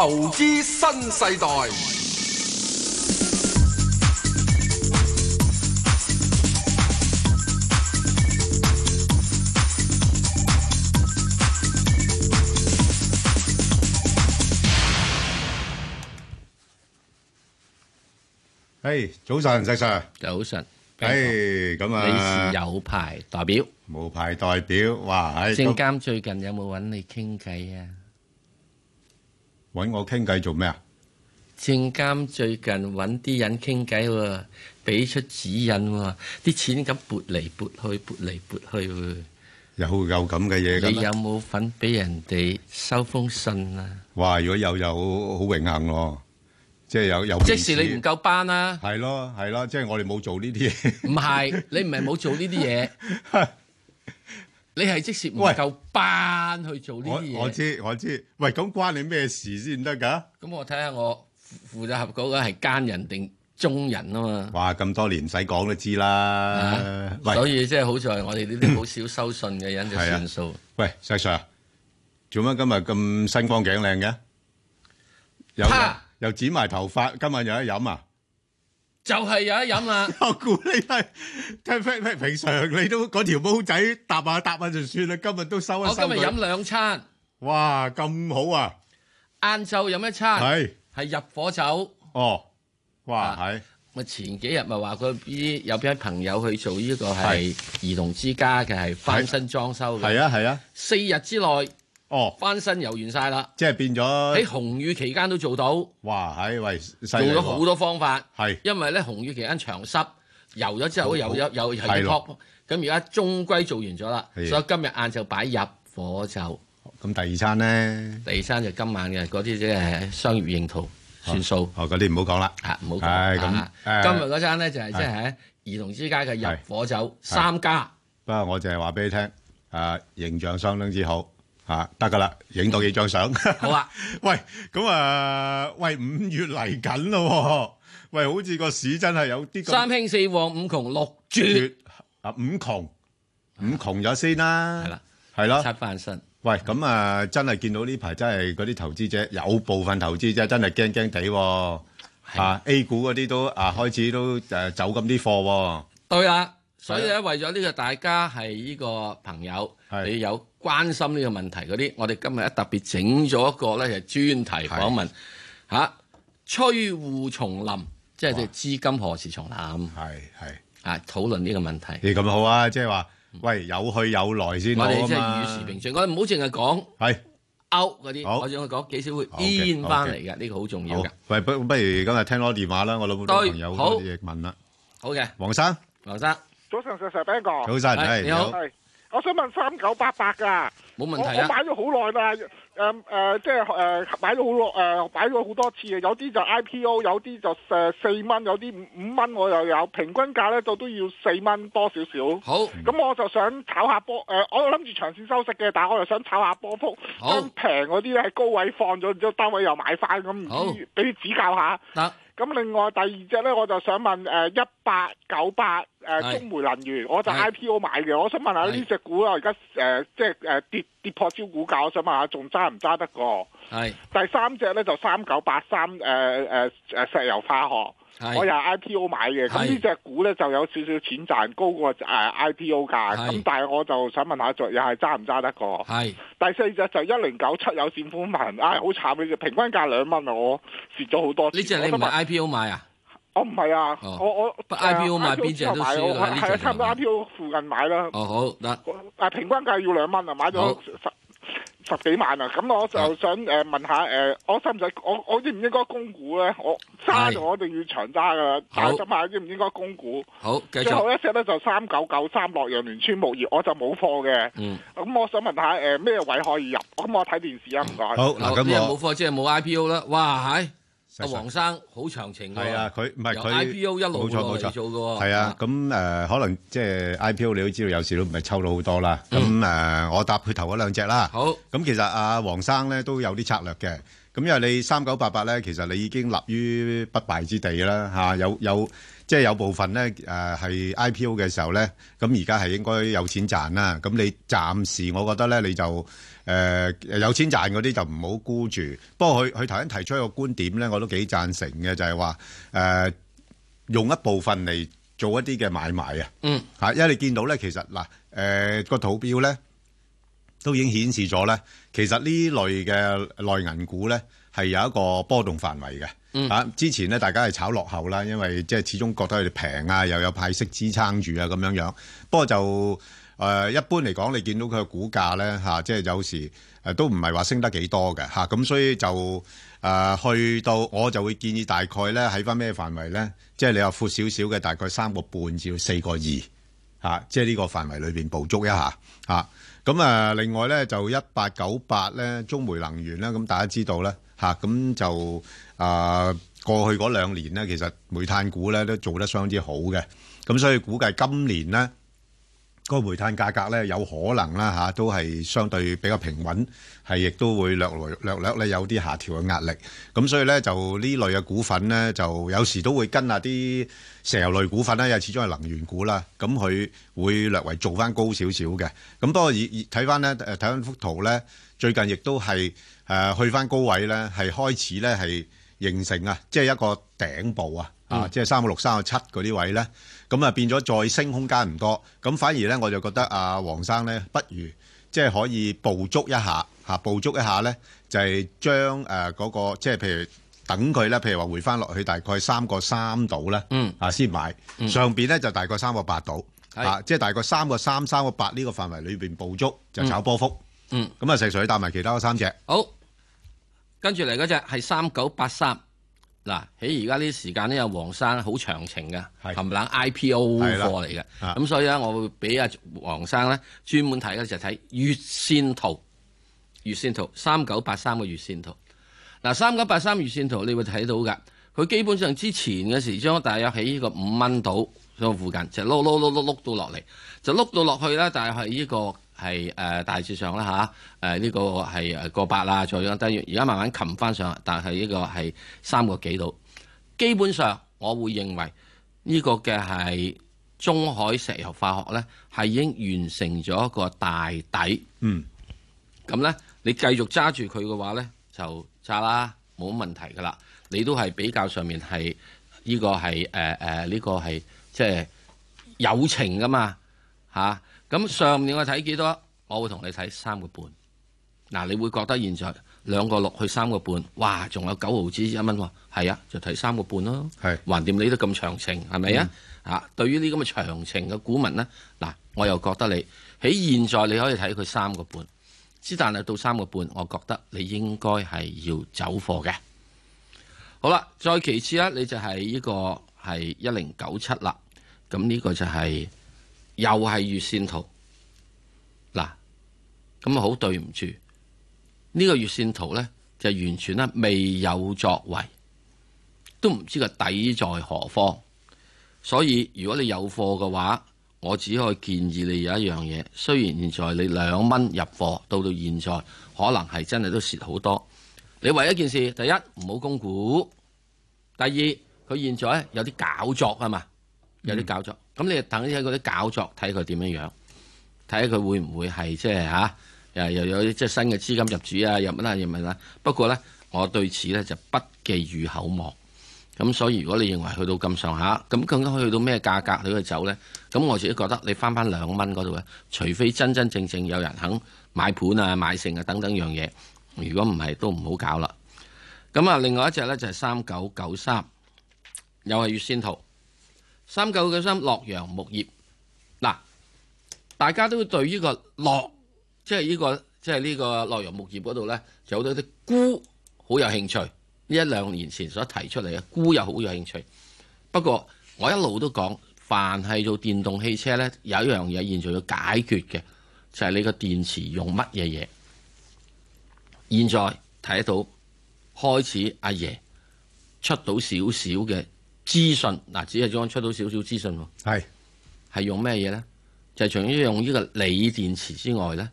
投資新世代。哎，早晨，石 sir，早晨。哎，咁啊，你是有牌代表？無牌代表。哇，證監最近有冇揾你傾偈啊？搵我傾偈做咩啊？證監最近揾啲人傾偈喎，俾出指引喎、啊，啲錢咁撥嚟撥去，撥嚟撥去喎、啊。又有有咁嘅嘢？你有冇份俾人哋收封信啊？哇！如果有有好榮幸喎，即係有有。即使你唔夠班啦，係咯係咯，即係、啊、我哋冇做呢啲嘢。唔係，你唔係冇做呢啲嘢。 你係即時唔夠班去做呢啲嘢。我我知我知，喂，咁關你咩事先得㗎？咁我睇下我負責合稿嘅係奸人定中人啊嘛。哇，咁多年唔使講都知啦。所以即係好在我哋呢啲好少收信嘅人就算數。喂，石 Sir，做乜今日咁新光頸靚嘅？又又剪埋頭髮，今晚有得飲啊！就係有得飲啦！我估你係聽翻咩平常，你都嗰條煲仔搭下搭下就算啦。今日都收一收啦。我今日飲兩餐。哇，咁好啊！晏晝飲一餐，係係入伙酒。哦，哇，係！咪前幾日咪話佢依有邊位朋友去做依個係兒童之家嘅係翻新裝修嘅。係啊係啊，四日之內。哦，翻身油完晒啦，即係變咗喺紅雨期間都做到。哇，喺喂，細做咗好多方法，係，因為咧紅雨期間長濕油咗之後，又又係托咁而家終歸做完咗啦。所以今日晏晝擺入火酒，咁第二餐咧？第二餐就今晚嘅嗰啲即係商業用途算數。哦，嗰啲唔好講啦，啊唔好講。咁，今日嗰餐咧就係即係喺兒童之家嘅入火酒三家。不過我淨係話俾你聽，啊形象相當之好。啊，得噶啦，影到幾張相。好啊，喂，咁啊，喂，五月嚟緊咯，喂，好似個市真係有啲三興四旺五窮六絕啊，五窮，五窮咗先啦，係啦，係咯，七翻身。喂，咁啊，真係見到呢排真係嗰啲投資者有部分投資者真係驚驚地，啊，A 股嗰啲都啊開始都誒走咁啲貨。對啦，所以咧為咗呢個大家係呢個朋友，你有。關心呢個問題嗰啲，我哋今日一特別整咗一個咧，就專題訪問嚇，吹戶重臨，即係資金何時重臨？係係啊，討論呢個問題。咦，咁好啊，即係話，喂，有去有來先。我哋即係與時並進，我哋唔好淨係講係 out 嗰啲，我想去講幾少會 in 翻嚟嘅呢個好重要嘅。喂，不不如今日聽多個電話啦，我老婆朋友嗰啲問啦。好嘅，黃生、黃生，早上上第一個。早晨，係你好。我想問三九八八噶、啊，冇問題、啊、我，我買咗好耐啦，誒、嗯、誒、呃，即係誒、呃、買咗好耐，誒、呃、買咗好多次嘅，有啲就 IPO，有啲就誒四蚊，有啲五五蚊我又有，平均價咧就都要四蚊多少少。好，咁我就想炒下波，誒、呃，我諗住長線收息嘅，但係我又想炒下波幅，平嗰啲咧喺高位放咗，然之後低位又買翻咁，唔知俾你指教下。咁另外第二隻呢，我就想問誒一八九八誒中煤能源，是我就 IPO 買嘅。我想問下呢隻股啊，而家誒即係、呃、跌跌破招股價，我想問下仲揸唔揸得過？能能是第三隻呢，就 8, 三九八三誒誒石油化學。我又係 IPO 買嘅，咁呢隻股咧，就有少少錢賺，高過誒 IPO 價，咁但係我就想問下，又係揸唔揸得過？係第四隻就一零九七有線寬頻，唉好慘嘅，平均價兩蚊啊，我蝕咗好多。呢隻你咪 IPO 買啊？我唔係啊，我我 IPO 買邊隻都蝕啦呢隻。係啊，差唔多 IPO 附近買啦。哦好，嗱，誒平均價要兩蚊啊，買咗。十幾萬啊！咁我就想誒、呃啊、問下誒、呃，我使唔使我我應唔應該供股咧？我揸我一定要長揸噶啦，但係問下應唔應該供股？好，最後一隻咧就三九九三，洛陽欒川鉬業，我就冇貨嘅。嗯，咁、嗯、我想問下誒咩、呃、位可以入？咁我睇電視啊。唔該。好，嗱、啊，今日冇貨，即係冇 IPO 啦。哇！係～阿黃生好長情㗎，啊，佢唔係佢 IPO 一路冇錯冇做錯做係啊，咁誒、啊呃、可能即係 IPO 你都知道有時都唔係抽到好多啦，咁誒、嗯呃、我搭佢頭嗰兩隻啦，好，咁其實阿、啊、黃生咧都有啲策略嘅，咁因為你三九八八咧，其實你已經立於不敗之地啦嚇、啊，有有即係、就是、有部分咧誒係 IPO 嘅時候咧，咁而家係應該有錢賺啦，咁你暫時我覺得咧你就。誒有錢賺嗰啲就唔好沽住。不過佢佢頭先提出一個觀點咧，我都幾贊成嘅，就係話誒用一部分嚟做一啲嘅買賣啊。嗯，嚇，因為你見到咧，其實嗱誒個圖表咧都已經顯示咗咧，其實呢類嘅內銀股咧係有一個波動範圍嘅。嗯，之前咧大家係炒落後啦，因為即係始終覺得佢哋平啊，又有派息支撐住啊，咁樣樣。不過就誒、uh, 一般嚟講，你見到佢嘅股價咧嚇、啊，即係有時誒、啊、都唔係話升得幾多嘅嚇，咁、啊、所以就誒、啊、去到我就會建議大概咧喺翻咩範圍咧，即係你話闊少少嘅大概三個半至到四個二嚇，即係呢個範圍裏邊捕捉一下嚇。咁啊，啊，另外咧就一八九八咧中煤能源咧，咁大家知道咧嚇，咁、啊、就誒、啊、過去嗰兩年咧，其實煤炭股咧都做得相當之好嘅，咁所以估計今年咧。個煤炭價格咧有可能啦嚇，都係相對比較平穩，係亦都會略略略咧有啲下調嘅壓力。咁所以咧就呢類嘅股份咧，就有時都會跟下啲石油類股份咧，因為始終係能源股啦。咁佢會略為做翻高少少嘅。咁不過睇翻咧，睇翻幅圖咧，最近亦都係誒去翻高位咧，係開始咧係形成啊，即係一個頂部啊。啊，即係三個六、三個七嗰啲位咧，咁啊變咗再升空間唔多，咁反而咧我就覺得啊黃生咧不如即係可以捕捉一下嚇，捕捉一下咧就係將誒嗰個即係譬如等佢咧，譬如話回翻落去大概三個三度咧，嗯，啊先買上邊咧就大概三個八度，係，即係大概三個三、三個八呢個範圍裏邊捕捉就炒波幅，嗯，咁啊成順去搭埋其他三隻，好，跟住嚟嗰隻係三九八三。嗱，喺而家呢啲時間呢，有黃生好長情嘅，冚唪唥 IPO 貨嚟嘅，咁所以咧，我會俾阿黃生咧專門睇嘅時候睇月線圖，月線圖三九八三個月線圖，嗱三九八三月線圖你會睇到嘅，佢基本上之前嘅時將大約喺呢個五蚊度喺度附近，就碌碌碌碌碌到落嚟，就碌到落去咧，就係呢個。係誒、呃、大致上啦嚇，誒、啊、呢、這個係誒過百啦，再咁，但而家慢慢擒翻上，但係呢個係三個幾度。基本上，我會認為呢個嘅係中海石油化學咧，係已經完成咗一個大底。嗯。咁咧，你繼續揸住佢嘅話咧，就揸啦，冇乜問題噶啦。你都係比較上面係呢、這個係誒誒呢個係、呃這個、即係友情噶嘛嚇。啊咁上年我睇幾多？我會同你睇三個半。嗱、啊，你會覺得現在兩個六去三個半，哇！仲有九毫紙一蚊喎、啊，係啊，就睇三個半咯、啊。係是，橫掂你都咁長情，係咪啊？嗯、啊，對於呢咁嘅長情嘅股民呢，嗱、啊，我又覺得你喺現在你可以睇佢三個半，之但係到三個半，我覺得你應該係要走貨嘅。好啦，再其次咧，你就係呢、這個係一零九七啦。咁呢個就係、是。又係月線圖，嗱，咁啊好對唔住，呢個月線圖呢，就完全咧未有作為，都唔知個底在何方。所以如果你有貨嘅話，我只可以建議你有一樣嘢雖然現在你兩蚊入貨，到到現在可能係真係都蝕好多。你唯一,一件事，第一唔好供股，第二佢現在有啲搞作啊嘛，有啲搞作。咁你等喺嗰啲搞作，睇佢點樣樣，睇下佢會唔會係即係嚇，又又有啲即係新嘅資金入主啊，入乜啦，入乜啦。不過呢，我對此呢就不寄予厚望。咁所以如果你認為去到咁上下，咁究竟去到咩價格你去走呢？咁我自己覺得你翻翻兩蚊嗰度呢，除非真真正正有人肯買盤啊、買剩啊等等樣嘢，如果唔係都唔好搞啦。咁啊，另外一隻呢就係三九九三，又係月線圖。三九九三，洛陽鉬業，嗱，大家都會對呢個洛，即係呢個即係呢個洛陽鉬業嗰度呢，就好、是這個就是、多啲鈷好有興趣。呢一兩年前所提出嚟嘅鈷又好有興趣。不過我一路都講，凡係做電動汽車呢，有一樣嘢現在要解決嘅，就係、是、你個電池用乜嘢嘢。現在睇到開始阿爺出到少少嘅。資訊嗱，只係將出到少少資訊喎。係是，係用咩嘢咧？就係、是、除咗用呢個鋰電池之外咧，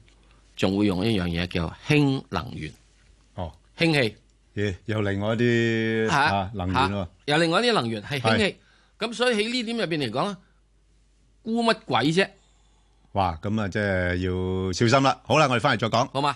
仲會用一樣嘢叫氫能源。哦，氫氣氣。咦、欸？又另外一啲能源喎。又另外一啲能源係氫氣。咁是所以喺呢點入邊嚟講咧，估乜鬼啫？哇！咁啊，即係要小心啦。好啦，我哋翻嚟再講，好嘛？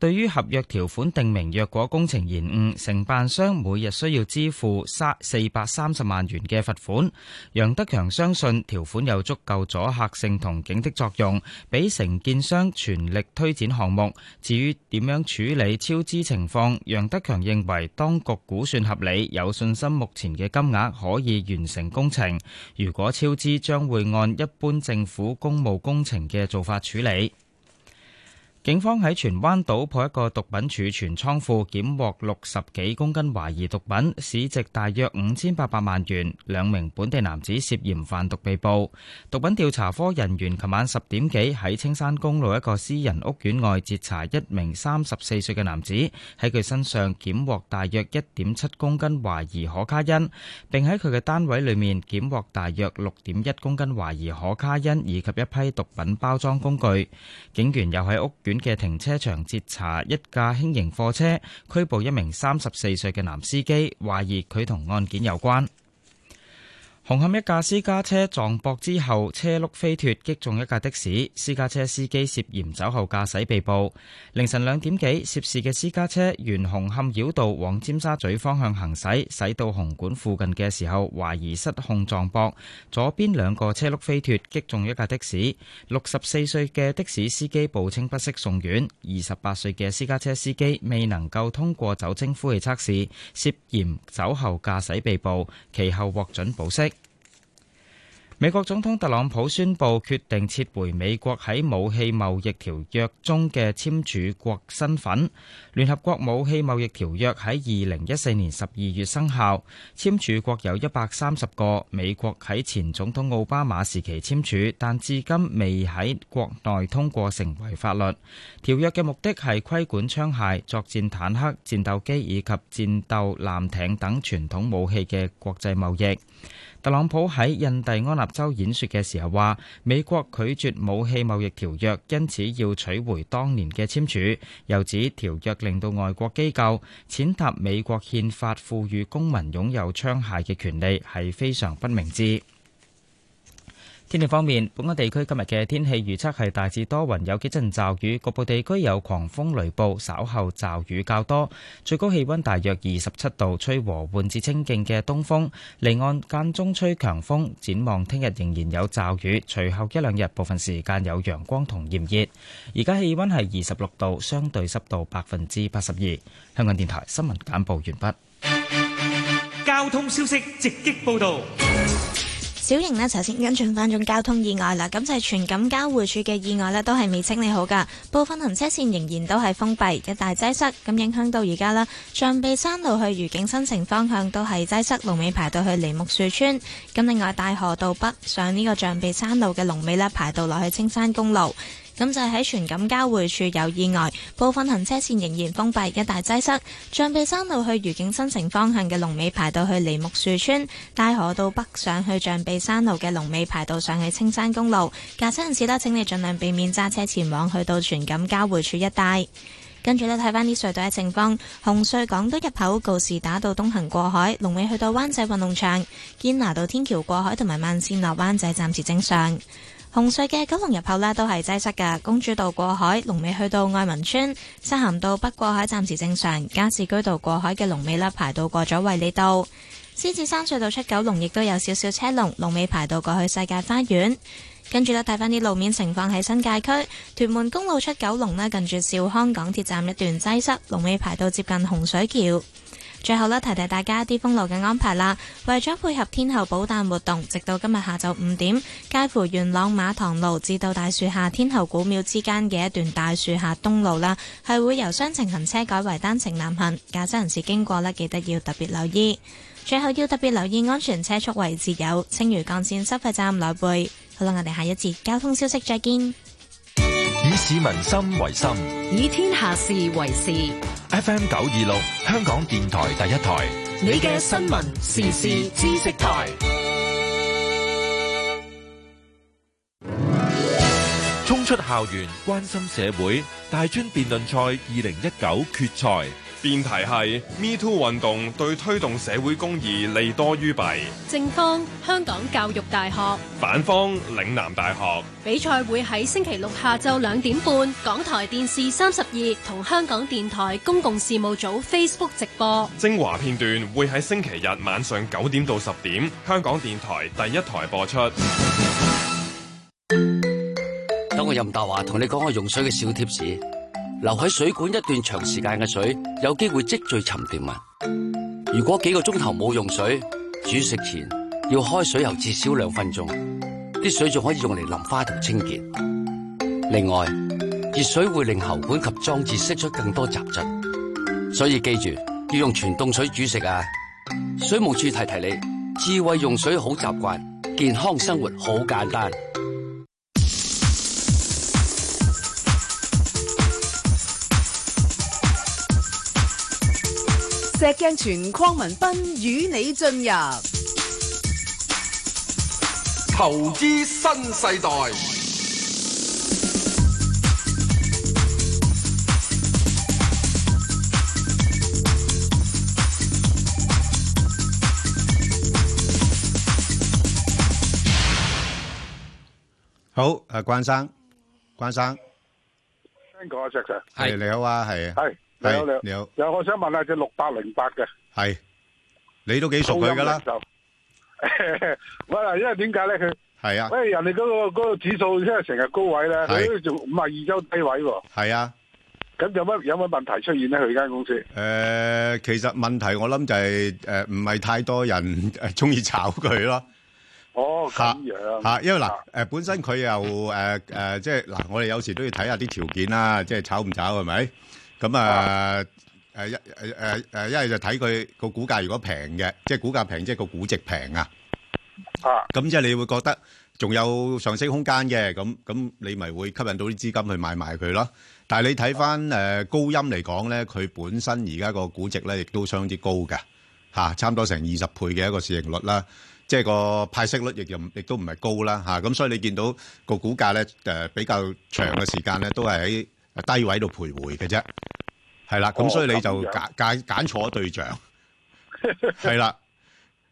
對於合約條款定明，若果工程延誤，承辦商每日需要支付三四百三十萬元嘅罰款。楊德強相信條款有足夠阻嚇性同警惕作用，俾承建商全力推展項目。至於點樣處理超支情況，楊德強認為當局估算合理，有信心目前嘅金額可以完成工程。如果超支，將會按一般政府公務工程嘅做法處理。警方喺荃灣搗破一個毒品儲存倉庫，檢獲六十幾公斤懷疑毒品，市值大約五千八百萬元。兩名本地男子涉嫌販毒被捕。毒品調查科人員琴晚十點幾喺青山公路一個私人屋苑外截查一名三十四歲嘅男子，喺佢身上檢獲大約一點七公斤懷疑可卡因，並喺佢嘅單位裏面檢獲大約六點一公斤懷疑可卡因以及一批毒品包裝工具。警員又喺屋院嘅停車場截查一架輕型貨車，拘捕一名三十四歲嘅男司機，懷疑佢同案件有關。紅磡一架私家車撞壆之後，車轆飛脫，擊中一架的士。私家車司機涉嫌酒後駕駛被捕。凌晨兩點幾，涉事嘅私家車沿紅磡繞道往尖沙咀方向行駛，駛到紅館附近嘅時候，懷疑失控撞壆，左邊兩個車轆飛脫，擊中一架的士。六十四歲嘅的士司機報稱不適送院。二十八歲嘅私家車司機未能夠通過酒精呼氣測試，涉嫌酒後駕駛被捕，其後獲准保釋。美國總統特朗普宣布決定撤回美國喺武器貿易條約中嘅簽署國身份。聯合國武器貿易條約喺二零一四年十二月生效，簽署國有一百三十個。美國喺前總統奧巴馬時期簽署，但至今未喺國內通過成為法律。條約嘅目的係規管槍械、作戰坦克、戰鬥機以及戰鬥艦艇等傳統武器嘅國際貿易。特朗普喺印第安納州演說嘅時候話，美國拒絕武器貿易條約，因此要取回當年嘅簽署。又指條約令到外國機構踐踏美國憲法，賦予公民擁有槍械嘅權利，係非常不明智。天氣方面，本港地區今日嘅天氣預測係大致多雲，有幾陣驟雨，局部地區有狂風雷暴，稍後驟雨較多。最高氣温大約二十七度，吹和緩至清勁嘅東風，離岸間中吹強風。展望聽日仍然有驟雨，隨後一兩日部分時間有陽光同炎熱。而家氣温係二十六度，相對濕度百分之八十二。香港電台新聞簡報完畢。交通消息直擊報道。小型呢，就先跟進返種交通意外啦，咁就係荃錦交匯處嘅意外呢，都係未清理好㗎，部分行車線仍然都係封閉，一大擠塞，咁影響到而家啦，象鼻山路去愉景新城方向都係擠塞，龍尾排到去梨木樹村，咁另外大河道北上呢個象鼻山路嘅龍尾呢，排到落去青山公路。咁就喺荃錦交匯處有意外，部分行車線仍然封閉，一帶擠塞。象鼻山路去愉景新城方向嘅龍尾排到去梨木樹村，大河道北上去象鼻山路嘅龍尾排到上去青山公路。駕駛人士呢，請你盡量避免揸車前往去到荃錦交匯處一帶。跟住呢，睇翻啲隧道嘅情況，紅隧港島入口告士打道東行過海龍尾去到灣仔運動場，堅拿道天橋過海同埋慢線落灣仔暫時正常。洪水嘅九龍入口咧，都係擠塞嘅。公主道過海龍尾去到愛民村西行道北過海暫時正常，加士居道過海嘅龍尾啦排到過咗衛理道，獅子山隧道出九龍亦都有少少車龍，龍尾排到過去世界花園。跟住咧，睇翻啲路面情況喺新界區屯門公路出九龍咧，近住兆康港鐵站一段擠塞，龍尾排到接近洪水橋。最後咧，提提大家一啲封路嘅安排啦。為咗配合天后寶誕活動，直到今日下晝五點，介乎元朗馬塘路至到大樹下天后古廟之間嘅一段大樹下東路啦，係會由雙程行車改為單程南行，駕駛人士經過呢，記得要特別留意。最後要特別留意安全車速位置，有青嶼幹線收費站內背。好啦，我哋下一節交通消息再見。以市民心為心，以天下事為事。FM 九二六，香港電台第一台，你嘅新聞時事知識台，衝出校園，關心社會，大專辯論賽二零一九決賽。辯題係 Me Too 運動對推動社會公義利多於弊。正方香港教育大學，反方嶺南大學。比賽會喺星期六下晝兩點半，港台電視三十二同香港電台公共事務組 Facebook 直播。精華片段會喺星期日晚上九點到十點，香港電台第一台播出。等我任達華同你講個用水嘅小貼士。留喺水管一段長時間嘅水，有機會積聚沉澱物。如果幾個鐘頭冇用水，煮食前要開水喉至少兩分鐘，啲水仲可以用嚟淋花同清潔。另外，熱水會令喉管及裝置釋出更多雜質，所以記住要用全凍水煮食啊！水務處提提你，智慧用水好習慣，健康生活好簡單。石鏡泉、鄺民彬與你進入投資新世代。好，阿關生，關生，聽講阿 Jack Sir 係你好啊，係。你好，你好。又好我想問下隻六百零八嘅，係你都幾熟佢噶啦？喂，嗱，因為點解咧？佢係啊，喂、嗰個，人哋嗰個個指數因為成日高位咧，佢做五十二周低位喎。係啊，咁有乜有乜問題出現咧？佢間公司誒、呃，其實問題我諗就係、係、誒，唔、呃、係太多人誒中意炒佢咯。哦，咁樣吓、啊，因為嗱誒、呃，本身佢又誒誒、呃呃，即係嗱、呃，我哋有時都要睇下啲條件啦，即係炒唔炒係咪？咁啊，誒一誒誒誒，一係就睇佢個股價如果平嘅，即係股價平，即係個估值平啊。啊，咁即係你會覺得仲有上升空間嘅，咁咁你咪會吸引到啲資金去買埋佢咯。但係你睇翻誒高音嚟講咧，佢本身而家個估值咧亦都相之高嘅，嚇，差唔多成二十倍嘅一個市盈率啦。即係個派息率亦又亦都唔係高啦，嚇。咁所以你見到個股價咧誒比較長嘅時間咧都係喺低位度徘徊嘅啫，係啦，咁所以你就揀揀揀錯對象，係啦，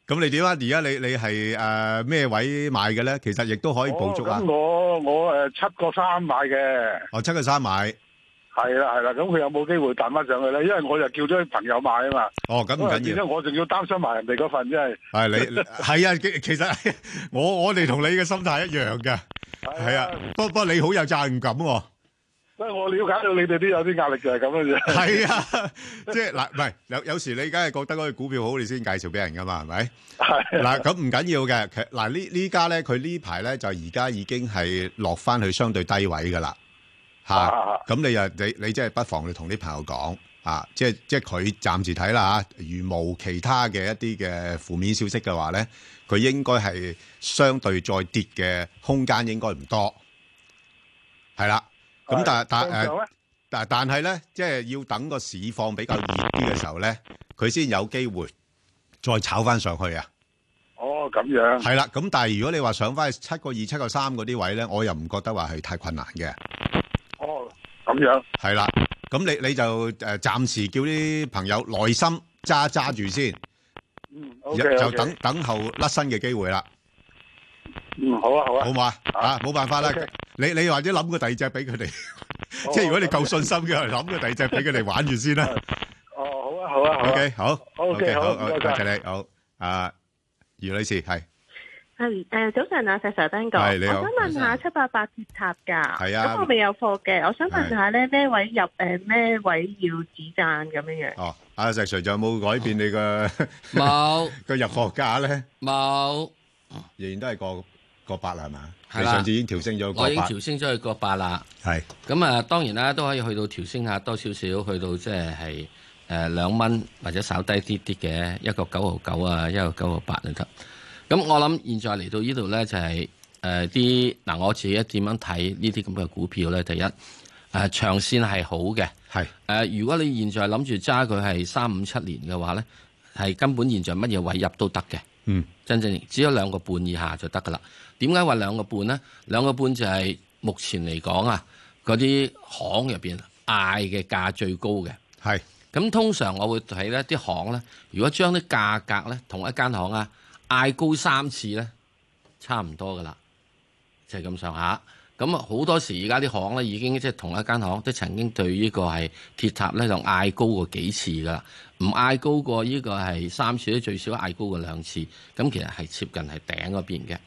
咁你點啊？而家你你係誒咩位買嘅咧？其實亦都可以捕捉啊！我我我誒七個三買嘅，哦七個三買，係啦係啦，咁佢有冇機會彈翻上去咧？因為我就叫咗朋友買啊嘛。哦，咁唔緊要，因為我仲要擔心埋人哋嗰份，真係係你係啊！其實我我哋同你嘅心態一樣嘅，係啊。不不過，你好有責任感喎。所以我了解到你哋都有啲壓力就係咁樣嘅。係啊，即係嗱，唔係有有時你梗係覺得嗰隻股票好，你先介紹俾人噶嘛，係咪？係嗱、啊，咁唔緊要嘅。其嗱呢呢家咧，佢呢排咧就而家已經係落翻去相對低位噶啦。吓、啊、咁、啊、你又你你，你即係不妨你同啲朋友講啊，即係即係佢暫時睇啦吓。如無其他嘅一啲嘅負面消息嘅話咧，佢應該係相對再跌嘅空間應該唔多。係啦、啊。咁、嗯、係但係但誒，但但係咧，即係要等個市況比較熱啲嘅時候咧，佢先有機會再炒翻上去啊！哦，咁樣。係啦，咁但係如果你話上翻去七個二、七個三嗰啲位咧，我又唔覺得話係太困難嘅。哦，咁樣。係啦，咁你你就誒暫時叫啲朋友耐心揸揸住先。嗯 okay, okay. 就等等候甩身嘅機會啦。嗯，好啊，好啊，好嘛，吓，冇辦法啦，你你或者諗個第二隻俾佢哋，即係如果你夠信心嘅，諗個第二隻俾佢哋玩住先啦。哦，好啊，好啊，好。O K，好，O K，好，多謝你，好。啊，余女士係，誒誒，早晨啊，石 Sir 聽講，我想問下七八八鐵塔噶，咁我未有貨嘅，我想問下咧，咩位入，誒咩位要止賺咁樣嘅。哦，啊石 Sir 仲有冇改變你個冇個入貨價咧冇。仍然都係個個八啦，係嘛？係的上次已經調升咗個八，我已經調升咗去個八啦。係咁的啊，當然啦、啊，都可以去到調升下多少少，去到即係誒兩蚊或者稍低啲啲嘅，一個九毫九啊，一個九毫八就得。咁我諗現在嚟到呢度咧，就係誒啲嗱，呃、我自己點樣睇呢啲咁嘅股票咧？第一誒、呃，長線係好嘅，係誒的、呃，如果你現在諗住揸佢係三五七年嘅話咧，係根本現在乜嘢位入都得嘅，嗯。真正只有兩個半以下就得噶啦。點解話兩個半呢？兩個半就係目前嚟講啊，嗰啲行入邊嗌嘅價最高嘅。係是。咁通常我會睇呢啲行呢，如果將啲價格呢同一間行啊嗌高三次呢，差唔多噶啦，就係咁上下。咁啊，好多時而家啲行咧已經即係同一間行，都曾經對呢個係鐵塔咧就嗌高過幾次㗎喇，唔嗌高過呢個係三次，都最少嗌高過兩次。咁其實係接近係頂嗰邊嘅。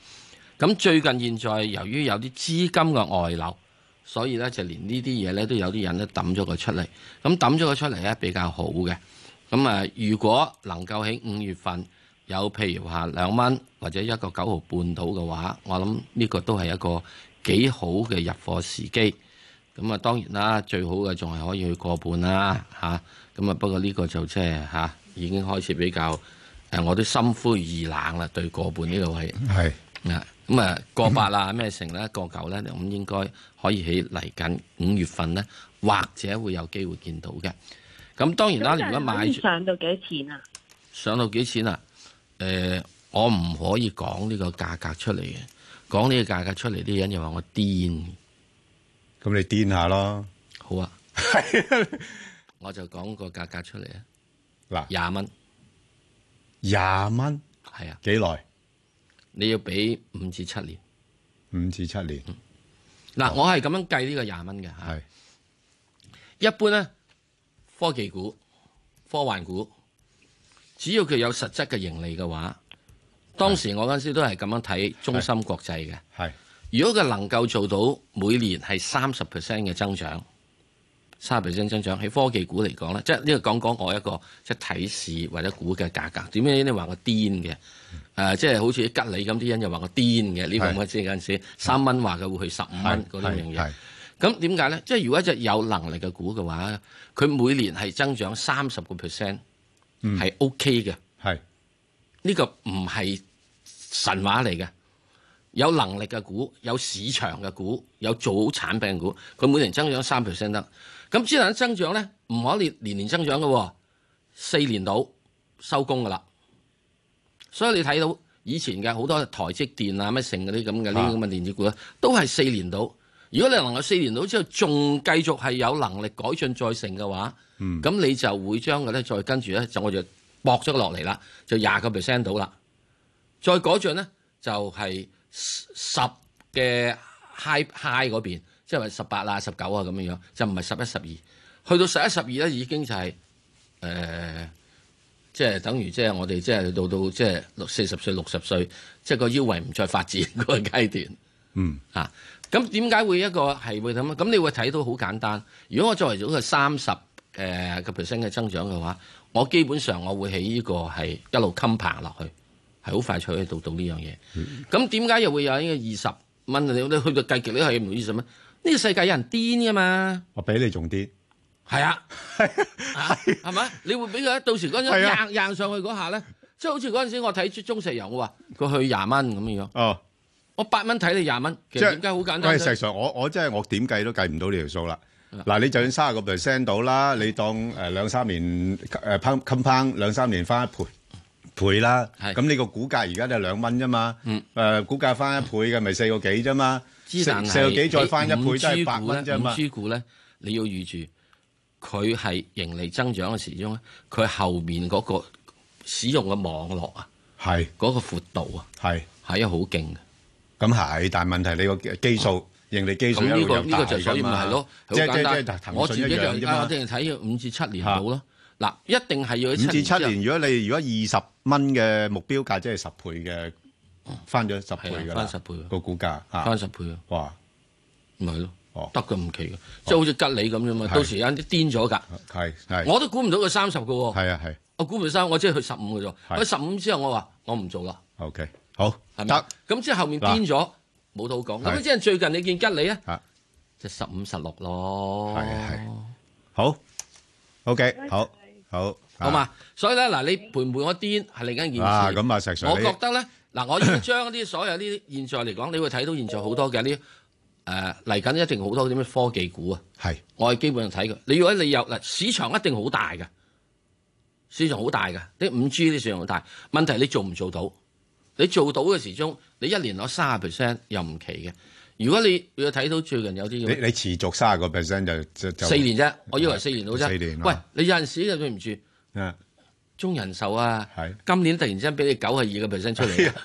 咁最近現在由於有啲資金嘅外流，所以咧就連呢啲嘢咧都有啲人咧抌咗佢出嚟。咁抌咗佢出嚟咧比較好嘅。咁啊，如果能夠喺五月份有譬如話兩蚊或者一個九毫半到嘅話，我諗呢個都係一個幾好嘅入貨時機，咁啊當然啦，最好嘅仲係可以去過半啦，吓是，咁啊不過呢個就即係吓，已經開始比較誒、啊，我都心灰意冷啦是、啊、過啦，對過半呢個位係，啊，咁啊過八啦，咩成咧，過九咧，咁應該可以喺嚟緊五月份咧，或者會有機會見到嘅。咁當然啦，如果是買上到幾錢啊？上到幾錢啊？誒、呃，我唔可以講呢個價格出嚟嘅。講呢個價格出嚟啲人又話我癲，咁你癲下咯。好啊，我就講個價格出嚟啊。嗱，廿蚊，廿蚊，係啊，幾耐？你要俾五至七年，五至七年。嗱、嗯，我係咁樣計呢個廿蚊嘅吓。一般咧，科技股、科幻股，只要佢有實質嘅盈利嘅話。當時我嗰陣時都係咁樣睇中芯國際嘅。係，如果佢能夠做到每年係三十 percent 嘅增長，三十 percent 增長喺科技股嚟講咧，即係呢個講講我一個即係睇市或者股嘅價格。點解啲人話個癲嘅？誒、呃，即係好似吉利咁，啲人又話個癲嘅。呢個我知嗰陣時三蚊話佢會去十五蚊嗰類樣嘢。咁點解咧？即係如果一隻有能力嘅股嘅話，佢每年係增長三十個 percent，係 OK 嘅。係，呢個唔係。神話嚟嘅，有能力嘅股、有市場嘅股、有組產病股，佢每年增長三 percent 得。咁只能增長咧，唔可以年年增長嘅喎，四年到收工噶啦。所以你睇到以前嘅好多台積電啊、咩成嗰啲咁嘅呢啲咁嘅電子股咧，都係四年到。如果你能夠四年到之後仲繼續係有能力改進再成嘅話，咁、嗯、你就會將佢咧再跟住咧就我就搏咗落嚟啦，就廿個 percent 到啦。再嗰著咧就係十嘅 high high 嗰邊，即係話十八啊、十九啊咁樣樣，就唔係十一、十二。去到十一、十二咧，已經就係、是、誒，即、呃、係、就是、等於即係我哋即係到到即係六四十歲、六十歲，即、就、係、是、個腰圍唔再發展嗰個階段。嗯啊，咁點解會一個係會咁？咁你會睇到好簡單。如果我作為一個三十誒個 percent 嘅增長嘅話，我基本上我會喺呢個係一路襟爬落去。係好快脆去到到呢樣嘢，咁點解又會有呢個二十蚊？你去你去到計極都係唔到二十蚊。呢、這個世界有人癲嘅嘛？我比你仲癲，係 啊，係係咪你會俾佢到時嗰陣掗掗上去嗰下咧，即係好似嗰陣時我睇出中石油，我話佢去廿蚊咁樣。哦，我八蚊睇你廿蚊，其實點解好簡單、哎？但係實在我我，我即係我點計都計唔到呢條數啦。嗱，你就算三十個 percent 到啦，你當誒兩三年誒 c 兩三年翻一倍。2, 倍啦，咁你個股價而家就兩蚊啫嘛，誒，股價翻一倍嘅咪四個幾啫嘛，四四個幾再翻一倍都係八蚊啫嘛。五豬股咧，你要預住佢係盈利增長嘅時鐘咧，佢後面嗰個使用嘅網絡啊，係嗰個闊度啊，係係有好勁嘅。咁係，但係問題你個基數、盈利基數呢個呢個就可以係咯。即即即騰訊一樣點啊？即係睇五至七年股咯。嗱，一定係要五至七年。如果你如果二十蚊嘅目標價，即係十倍嘅，翻咗十倍噶啦，翻十倍個股價嚇，翻十倍啊！哇，唔係咯，哦，得嘅唔奇嘅，即係好似吉利咁樣嘛，到時間癲咗㗎，係係，我都估唔到佢三十嘅喎，係啊係，我估唔到三，我即係去十五嘅啫，去十五之後我話我唔做啦。OK，好，得咁即係後面癲咗冇得好講。咁即係最近你見吉利啊？啊，即係十五十六咯，係係好 OK 好。好好嘛，啊、所以咧嗱，你陪唔陪我癲係另一件事。啊，咁時啊，石 Sir, s 我覺得咧嗱，你我要將啲所有呢啲現在嚟講， 你會睇到現在好多嘅啲誒嚟緊一定好多啲咩科技股啊。係是，我係基本上睇佢。你如果你有嗱，市場一定好大嘅，市場好大嘅，啲五 G 啲市場好大。問題你做唔做到？你做到嘅時鐘，你一年攞三十 percent 又唔奇嘅。如果你要睇到最近有啲，你你持續卅個 percent 就就四年啫。我以為四年到啫。四年。喂，你有陣時就對唔住啊，中人壽啊，今年突然之間俾你九十二個 percent 出嚟啊，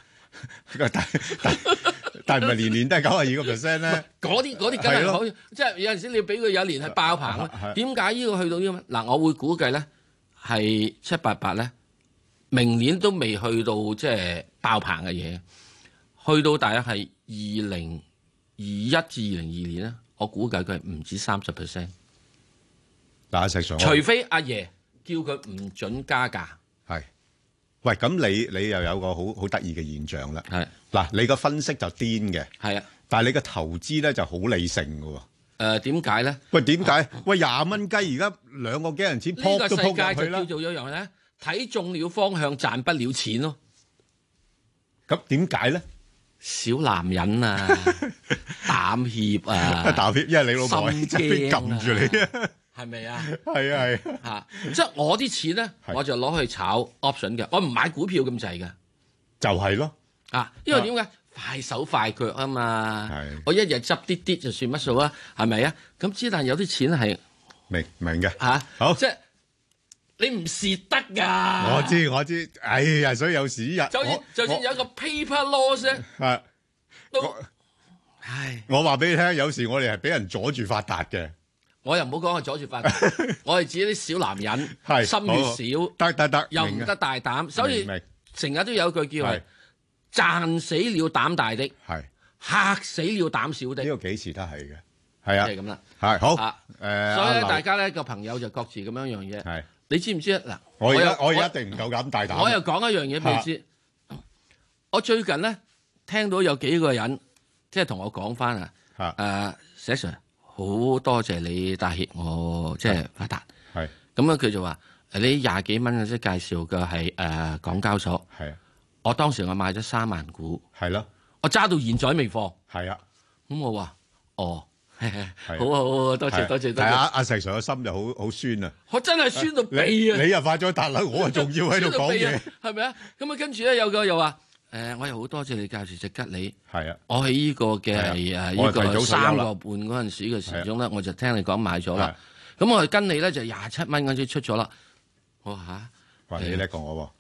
但但但唔係年年都係九十二個 percent 咧？嗰啲嗰啲梗係可以，即係有陣時你俾佢有年係爆棚啊。點解呢個去到呢？個？嗱，我會估計咧係七八八咧，明年都未去到即係爆棚嘅嘢，去到大約係二零。二一至二零二年咧，我估計佢係唔止三十 percent。大家食咗。除非阿爺叫佢唔準加價、嗯，係。喂，咁你你又有個好好得意嘅現象啦。係、啊。嗱，你個分析就癲嘅。係啊。但係你嘅投資咧就好理性嘅喎。誒點解咧？呢喂點解？啊、喂，廿蚊雞而家兩個幾人錢撲都撲唔去啦。呢個世界就叫做一樣咧，睇中了方向賺不了錢咯。咁點解咧？小男人啊，膽怯啊，膽怯，因為你老婆撳住你，係咪啊？係 啊，係、啊。嚇、啊，即係、啊、我啲錢咧，我就攞去炒 option 嘅，我唔買股票咁滯嘅，就係咯。啊，因為點解、啊、快手快腳啊嘛？係、啊。我一日執啲啲就算乜數啊？係咪啊？咁知，但有啲錢係明明嘅嚇，好即係。 你唔蝕得噶，我知我知，哎呀，所以有時呢就算就算有一個 paper loss 咧，啊，都，唉，我話俾你聽，有時我哋係俾人阻住發達嘅，我又唔好講我阻住發達，我哋自己啲小男人，係心血少，得得得，又唔得大膽，所以成日都有句叫係賺死了膽大的，係嚇死了膽小的，呢個幾時都係嘅，係啊，係咁啦，係好，誒，所以咧大家咧個朋友就各自咁樣樣嘢，係。你知唔知啊？嗱，我以我一定唔夠咁大膽。我又講一樣嘢俾你知，哈 我最近咧聽到有幾個人即係同我講返哈 啊。石，Sir，好多謝你帶挈我即係發達。係咁啊，佢就話：你廿幾蚊即介紹嘅係誒港交所。係啊的，我當時我買咗三萬股。係咯的，我揸到現在未放。係啊的，咁、嗯、我話哦。好啊好啊，多謝多謝，大家阿石成個心就好好酸啊！我真係酸到鼻啊！你又發咗達啦，我啊仲要喺度講嘢，係咪啊？咁啊，跟住咧有個又話誒，我又好多謝你介紹隻吉利。」係啊，我喺呢個嘅係啊，呢個三個半嗰陣時嘅時鐘咧，我就聽你講買咗啦。咁我係跟你咧就廿七蚊嗰陣出咗啦。我話吓，話你叻過我，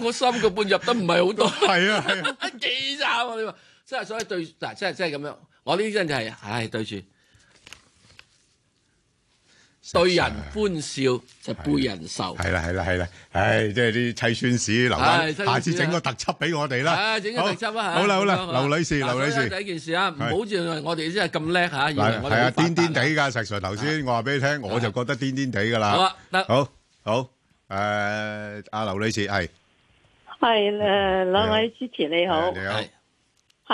我三個半入得唔係好多，係啊，幾慘啊！你話真係所以對嗱，真係真係咁樣。我呢真就係，唉，對住，對人歡笑就背人愁，係啦係啦係啦，唉，即係啲砌算史留翻，下次整個特輯俾我哋啦，好啦好啦，劉女士劉女士，第一件事啊，唔好認為我哋真係咁叻吓，而家我哋係啊癲癲地噶，石 Sir 頭先我話俾你聽，我就覺得癲癲地噶啦，好啊，得，好，好，誒，阿劉女士係，係誒兩位主持人你好，你好，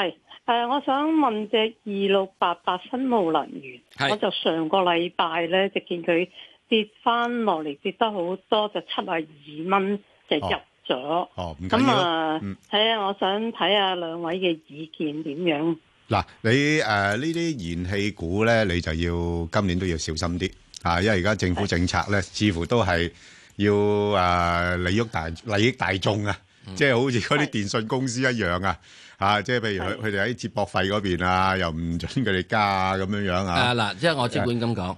係。誒、呃，我想問隻二六八八新奧能源，是我就上個禮拜咧就見佢跌翻落嚟，跌得好多就七啊二蚊就入咗、哦。哦，咁啊，睇下、呃嗯、我想睇下兩位嘅意見點樣。嗱，你誒、呃、呢啲燃氣股咧，你就要今年都要小心啲啊，因為而家政府政策咧，是似乎都係要誒、呃、利益大利益大眾啊，即係、嗯、好似嗰啲電信公司一樣啊。是嚇，即係譬如佢佢哋，喺接駁費嗰邊啊，又唔準佢哋加咁樣樣啊！啊嗱，即係我基管咁講，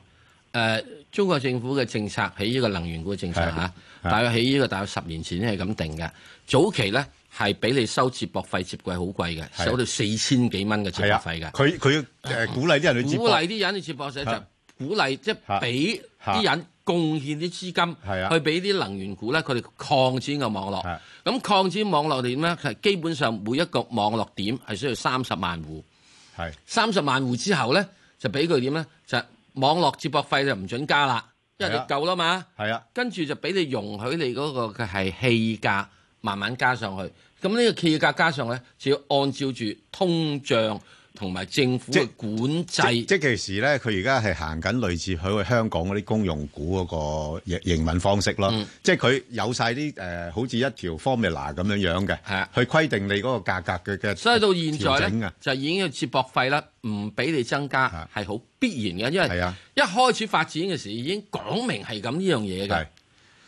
誒，中國政府嘅政策喺呢個能源股嘅政策嚇，大概喺呢個大概十年前咧係咁定嘅。早期咧係俾你收接駁費，接駁好貴嘅，收到四千幾蚊嘅接駁費嘅。佢佢，誒鼓勵啲人去接駁，鼓勵啲人去接駁，就鼓勵即係俾啲人。貢獻啲資金，啊、去俾啲能源股咧，佢哋擴展個網絡。咁、啊、擴展網絡點咧，係基本上每一個網絡點係需要三十萬戶。係三十萬戶之後咧，就俾佢點咧，就係、網絡接駁費就唔準加啦，因為你夠啦嘛。係啊，跟住、啊、就俾你容許你嗰個嘅係氣價慢慢加上去。咁呢個氣價加上咧，就要按照住通脹。同埋政府嘅管制，即係其實咧，佢而家係行緊類似喺香港嗰啲公用股嗰個營運方式咯。嗯、即係佢有晒啲誒，好似一條 formula 咁樣樣嘅，係、啊、去規定你嗰個價格嘅嘅。所以到現在咧，啊、就已經要接駁費啦，唔俾你增加係好、啊、必然嘅，因為、啊、一開始發展嘅時已經講明係咁呢樣嘢嘅、啊。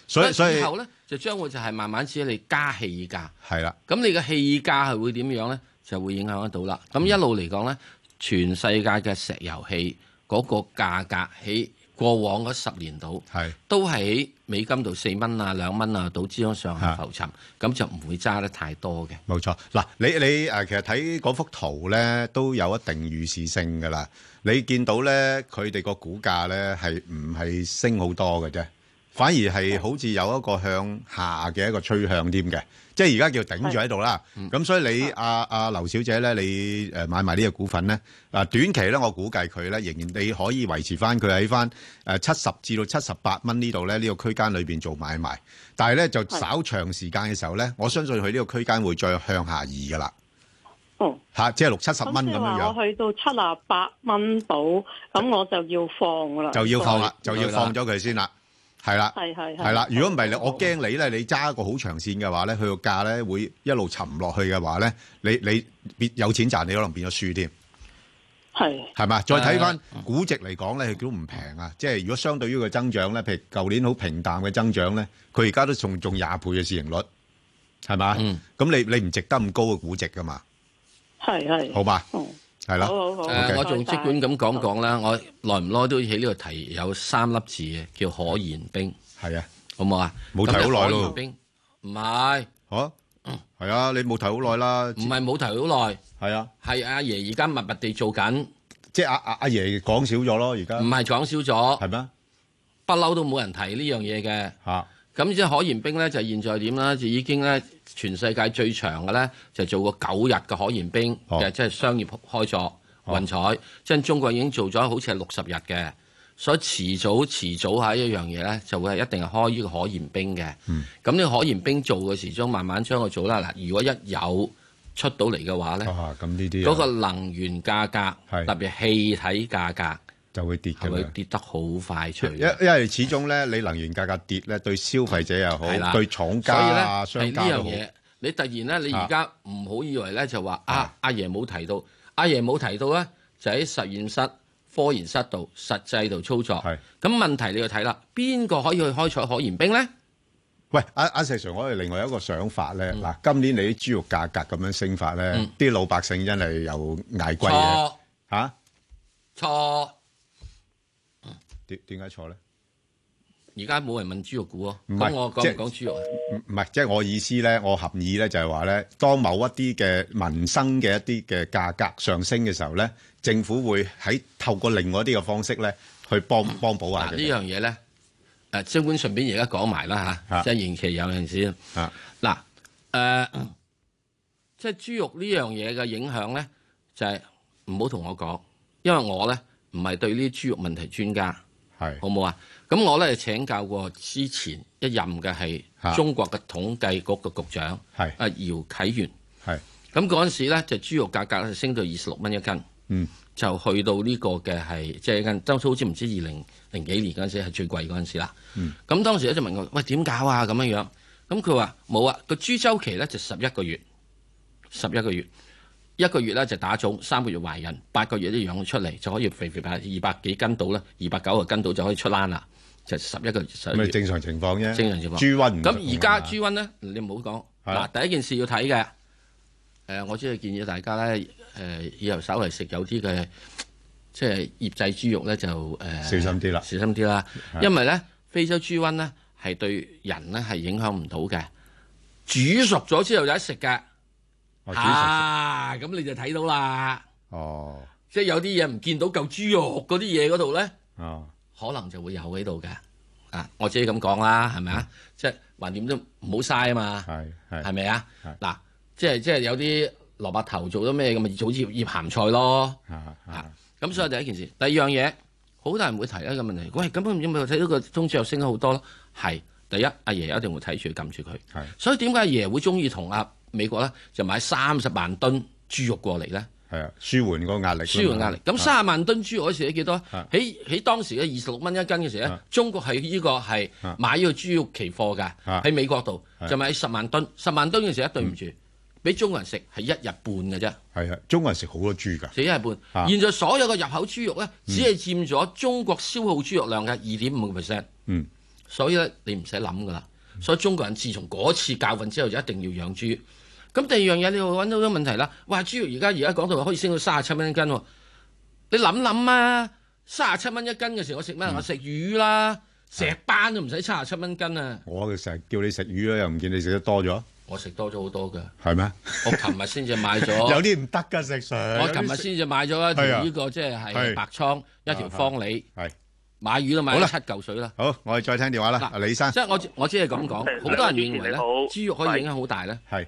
所以所以，所以之後咧，就將會就係慢慢先嚟加氣價。係啦、啊，咁、啊、你嘅氣價係會點樣咧？就會影響得到啦。咁一路嚟講咧，全世界嘅石油氣嗰個價格喺過往嗰十年度，係都喺美金度四蚊啊、兩蚊啊，到之中上下浮沉，咁就唔會揸得太多嘅。冇錯，嗱，你你誒其實睇嗰幅圖咧都有一定預示性噶啦。你見到咧佢哋個股價咧係唔係升好多嘅啫？反而係好似有一個向下嘅一個趨向添嘅，即係而家叫頂住喺度啦。咁的、嗯、所以你阿阿、啊、劉小姐咧，你誒買埋呢個股份咧，啊短期咧，我估計佢咧仍然你可以維持返佢喺返誒七十至到七十八蚊呢度咧呢個區間裏邊做買賣，但係咧就稍長時間嘅時候咧，的我相信佢呢個區間會再向下移噶啦。嗯、哦，嚇，即係六七十蚊咁樣樣。去到七十八蚊到，咁的我就要放噶啦，就要，對就要放啦，就要放咗佢先啦。係啦，係啦。如果唔係你，我驚的你咧。你揸一個好長線嘅話咧，佢個價咧會一路沉落去嘅話咧，你你變有錢賺，你可能變咗輸添。係係嘛，再睇翻的估值嚟講咧，佢都唔平啊。即係如果相對於個增長咧，譬如舊年好平淡嘅增長咧，佢而家都仲重廿倍嘅市盈率，係、嗯、嘛？咁你你唔值得咁高嘅估值噶嘛？係係的的，好吧。係啦，好好好。誒，我仲即管咁講講啦。我耐唔耐都喺呢度提有三粒字嘅，叫可燃冰。係啊，好冇啊？冇提好耐咯。唔係吓？係啊，你冇提好耐啦。唔係冇提好耐，係啊，係阿爺而家密密地做緊。即係阿阿阿爺講少咗咯，而家唔係講少咗，係咩？不嬲都冇人提呢樣嘢嘅嚇。咁即係可燃冰咧，就現在點啦？就已經咧。全世界最長嘅呢，就做過九日嘅可燃冰嘅，哦、即係商業開作運採，運哦、即係中國已經做咗好似係六十日嘅，所以遲早遲早係一樣嘢呢，就會係一定係開呢個可燃冰嘅。咁呢、嗯、個可燃冰做嘅時候慢慢將佢做啦。嗱，如果一有出到嚟嘅話呢，嗰、哦啊嗯、個能源價格、嗯、特別氣體價格，就會跌㗎，跌得好快出。一因為始終咧，你能源價格跌咧，對消費者又好，對廠家啊、商家都好。呢樣嘢，你突然咧，你而家唔好以為咧，就話啊，阿爺冇提到，阿爺冇提到咧，就喺實驗室、科研室度實際度操作。係。咁問題你就睇啦，邊個可以去開採可燃冰咧？喂，阿石 Sir，我哋另外一個想法咧，嗱，今年你啲豬肉價格咁樣升法咧，啲老百姓真係有嗌貴啊！嚇，錯。點點解錯咧？而家冇人問豬肉股哦。唔係是，即唔講豬肉，唔唔係，即、就、係、是、我意思咧。我合意咧就係話咧，當某一啲嘅民生嘅一啲嘅價格上升嘅時候咧，政府會喺透過另外一啲嘅方式咧去幫幫補下、啊、呢樣嘢咧，誒、呃，即管順便而家講埋啦吓，啊啊、即係延期有陣時。嗱、啊，誒、啊，即係豬肉呢樣嘢嘅影響咧，就係唔好同我講，因為我咧唔係對呢啲豬肉問題專家。係是好唔好啊。咁我咧係請教過之前一任嘅係中國嘅統計局嘅局長係阿是、啊、姚啟源，係咁嗰陣時咧就豬肉價格就升到二十六蚊一斤。嗯，就去到呢個嘅係即係一周都好似唔知二零零幾年嗰陣時係最貴嗰陣時啦。咁、嗯、當時咧就問我喂，點搞啊？咁樣樣咁佢話冇啊，個豬週期咧就十一個月，十一個月。一個月咧就打種，三個月懷孕，八個月咧養出嚟就可以肥肥百二百幾斤到啦，二百九個斤到就可以出欄啦。就十一個十個月，月正常情況啫，正常情況。豬瘟咁而家豬瘟咧，你唔好講嗱。的第一件事要睇嘅，誒、呃，我主要建議大家咧，誒、呃，以後稍微食有啲嘅，即係醃製豬肉咧，就誒、呃、小心啲啦，小心啲啦。因為咧，非洲豬瘟咧係對人咧係影響唔到嘅，煮熟咗之後有得食嘅。啊，咁你就睇到啦。哦，即係有啲嘢唔見到嚿豬肉嗰啲嘢嗰度咧，哦，可能就會有喺度嘅。啊，我自己咁講啦，係咪啊？即係還點都唔好嘥啊嘛。係係，係咪啊？嗱，即係即係有啲蘿蔔頭做咗咩嘅咪做醃醃鹹菜咯。咁所以第一件事，第二樣嘢，好多人會提一個問題，喂，咁點解我睇到個豬又升咗好多？係，第一阿爺一定會睇住去撳住佢。係，所以點解阿爺會中意同阿？美國咧就買三十萬噸豬肉過嚟咧，係啊，舒緩個壓力。舒緩壓力。咁三十萬噸豬肉，我時都幾多？喺喺當時嘅二十六蚊一斤嘅時咧，中國係依個係買呢個豬肉期貨㗎，喺美國度就買十萬噸，十萬噸嘅時候，對唔住，俾中國人食係一日半嘅啫。係啊，中國人食好多豬㗎。食一日半。現在所有嘅入口豬肉咧，只係佔咗中國消耗豬肉量嘅二點五個 percent。嗯。所以咧，你唔使諗㗎啦。所以中國人自從嗰次教訓之後，就一定要養豬。咁第二樣嘢你又揾到啲問題啦！哇，豬肉而家而家講到可以升到三十七蚊一斤，你諗諗啊，三十七蚊一斤嘅時候我食咩？我食魚啦，石斑都唔使三十七蚊一斤啊！我成日叫你食魚啦，又唔見你食得多咗？我食多咗好多噶，係咩？我琴日先至買咗，有啲唔得噶食水。我琴日先至買咗一條呢個即係係白鯧一條方脷，係買魚都買咗七嚿水啦。好，我哋再聽電話啦，阿李生。即係我我只係咁講，好多人認為咧豬肉可以影響好大咧，係。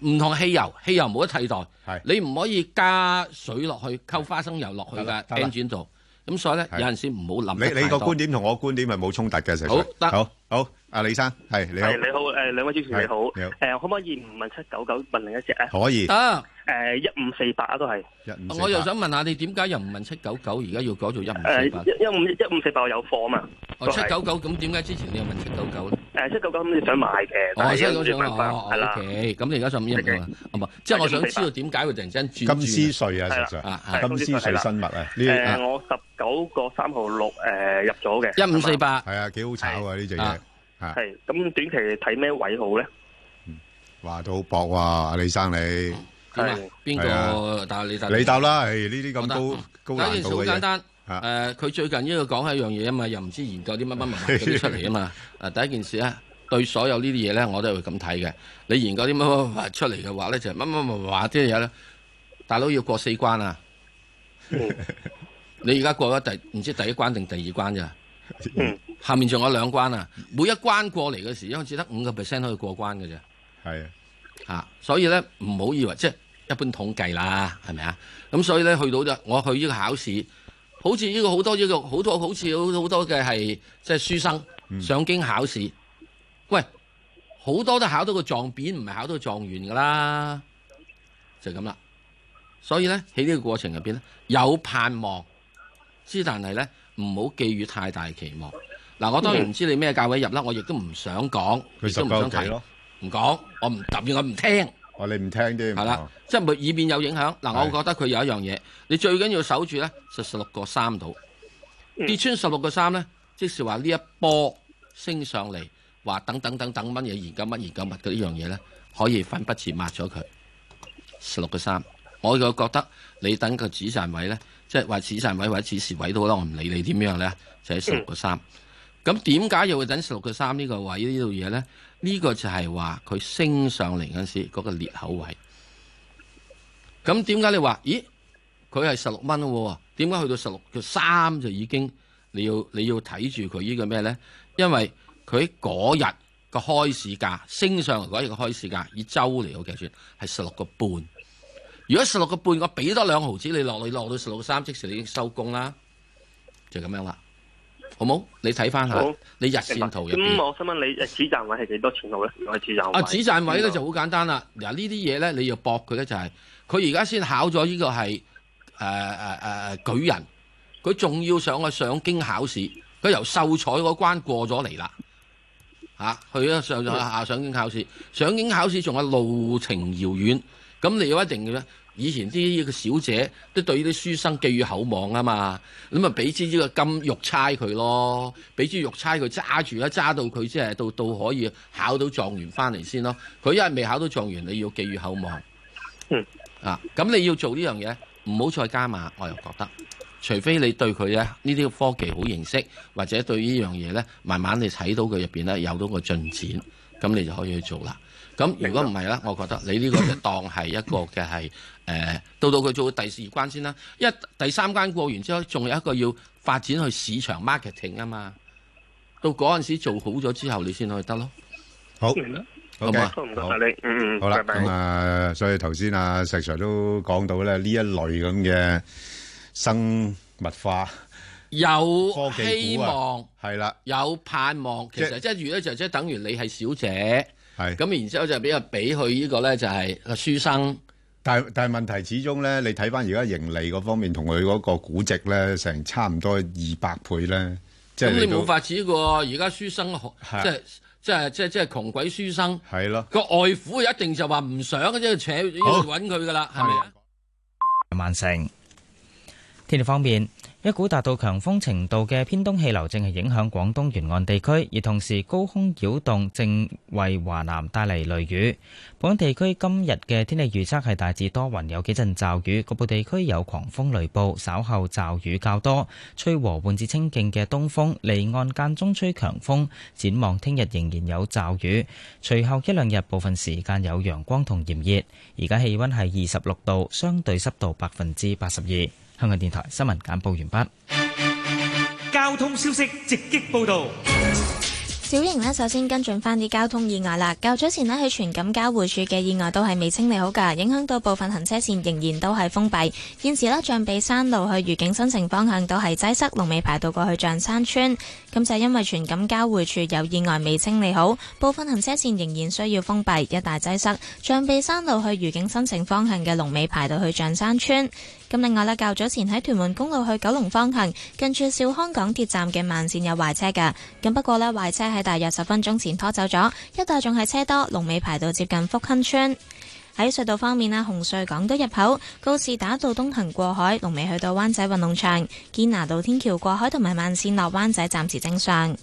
唔同汽油，汽油冇得替代。係你唔可以加水落去，溝花生油落去嘅。反轉做，咁所以咧有陣時唔好諗。你你個觀點同我觀點係冇衝突嘅，其實。好得，好，好，阿李生係你好，誒，兩位主持人你好，誒，可唔可以唔問七九九問另一隻啊？可以啊，誒，一五四八啊，都係。一五四八，我又想問下你點解又唔問七九九，而家要改做一五四八？一五四一五四八我有貨啊嘛。我七九九咁，點解之前你有問七九九咧？誒，七九九，咁你想買嘅？哦，即係咁樣啊？係啦。O K，咁你而家上面啦，係嘛？即係我想知道點解會突然之間轉金絲穗啊？實際上，金絲穗新物啊？誒，我十九個三號六誒入咗嘅一五四八，係啊，幾好炒啊呢隻嘢。係咁短期睇咩位好咧？嗯，話到好薄啊，李生你係邊個答，你答？你答啦，誒呢啲咁高高難度嘅嘢。簡單。誒佢、啊、最近呢個講一樣嘢啊嘛，又唔知研究啲乜乜文文出嚟啊嘛。 啊，第一件事咧，對所有呢啲嘢咧，我都係會咁睇嘅。你研究啲乜乜文出嚟嘅話咧，就乜乜乜文話啲嘢咧，大佬要過四關啊！ 你而家過咗第唔知第一關定第二關啫，下面仲有兩關啊。每一關過嚟嘅時，一開始得五個 percent 可以過關嘅啫，係 啊，所以咧，唔好以為即係、就是、一般統計啦，係咪啊？咁所以咧，去到就我去呢個考試。好似呢個好多呢個好多好似好好多嘅，係即係書生上京考試，喂，好多都考到個狀元，唔係考到狀元噶啦，就咁啦。所以咧，喺呢個過程入邊咧有盼望，之但係咧唔好寄予太大期望。嗱，我當然唔知你咩價位入啦，我亦都唔想講，亦、嗯、想唔想睇咯，唔講，我唔答。別，我唔聽。哦、我哋唔聽啲係啦，即係唔以免有影響。嗱，我覺得佢有一樣嘢，的你最緊要守住咧，十六個三度跌穿十六個三咧，即是話呢一波升上嚟，話等等等等乜嘢研究乜研究物嘅呢樣嘢咧，可以粉筆字抹咗佢十六個三。我就覺得你等個止賺位咧，即係話止賺位或者止蝕位都好啦，我唔理你點樣咧，就喺十六個三。咁點解要等十六個三呢個位、這個、呢度嘢咧？呢個就係話佢升上嚟嗰時嗰個裂口位，咁點解你話？咦，佢係十六蚊，點解去到十六叫三就已經？你要你要睇住佢呢個咩呢？因為佢嗰日個開市價升上嚟嗰日個開市價以周嚟，我計算係十六個半。如果十六個半，我俾多兩毫子你落，你落到十六個三，即時你已經收工啦，就咁樣啦。好冇？你睇翻下，好你日線圖入邊。咁、嗯嗯、我問你，指站位係幾多錢好咧？我指站位。啊，指站位咧、啊、就好簡單啦。嗱，呢啲嘢咧，你要搏佢咧就係、是，佢而家先考咗呢個係誒誒誒舉人，佢仲要上去上京考試，佢由秀才嗰關過咗嚟啦。吓，去咗上上上上京考試、啊，上京考試仲有路程遙遠，咁你要一定嘅。以前啲呢個小姐都對呢啲書生寄予厚望啊嘛，咁啊俾支呢個金玉釵佢咯，俾支玉釵佢揸住咧，揸到佢即係到到可以考到狀元翻嚟先咯。佢一係未考到狀元，你要寄予厚望。嗯，啊，咁你要做呢樣嘢，唔好再加碼。我又覺得，除非你對佢咧呢啲科技好認識，或者對呢樣嘢呢慢慢你睇到佢入邊咧有到個進展，咁你就可以去做啦。咁如果唔係啦，我覺得你呢個就當係一個嘅係誒， 到到佢做第四關先啦。因為第三關過完之後，仲有一個要發展去市場 marketing 啊嘛。到嗰陣時做好咗之後，你先可以得咯。好，好唔該你，好啦。咁啊了拜，所以頭先啊石 Sir 都講到咧，呢一類咁嘅生物化有希望，係啦、啊，有盼望。了其實一月咧就即係等於你係小姐，係，咁是然之後就俾啊俾佢呢個咧就係個書生，但但問題始終咧，你睇翻而家盈利嗰方面同佢嗰個估值咧，成差唔多二百倍咧。咁你冇法子嘅而家書生是即即即即，即，即，即，即窮鬼書生，係咯個外父一定就話唔想即啫，扯要揾佢嘅啦，係咪啊？萬成的，的天氣方面。一股達到強風程度嘅偏東氣流正係影響廣東沿岸地區，而同時高空擾動正為華南帶嚟雷雨。本地區今日嘅天氣預測係大致多雲，有幾陣驟雨。局部地區有狂風雷暴，稍後驟雨較多，吹和緩至清勁嘅東風，離岸間中吹強風。展望聽日仍然有驟雨，隨後一兩日部分時間有陽光同炎熱。而家氣温係二十六度，相對濕度百分之八十二。香港電台新聞簡報完畢。交通消息直擊報道。小瑩咧，首先跟進翻啲交通意外啦。較早前咧，喺荃錦交匯處嘅意外都係未清理好噶，影響到部分行車線仍然都係封閉。現時咧，象鼻山路去愉景新城方向都係擠塞，龍尾排到過去象山村。咁就因為荃錦交匯處有意外未清理好，部分行車線仍然需要封閉，一大擠塞。象鼻山路去愉景新城方向嘅龍尾排到去象山村。咁另外咧，較早前喺屯門公路去九龍方向，近住兆康港鐵站嘅慢線有壞車嘅，咁不過咧，壞車喺大約十分鐘前拖走咗。一帶仲係車多，龍尾排到接近福亨村。喺隧道方面啊，紅隧港島入口、告士打道東行過海，龍尾去到灣仔運動場；堅拿道天橋過海同埋慢線落灣仔，暫時正常。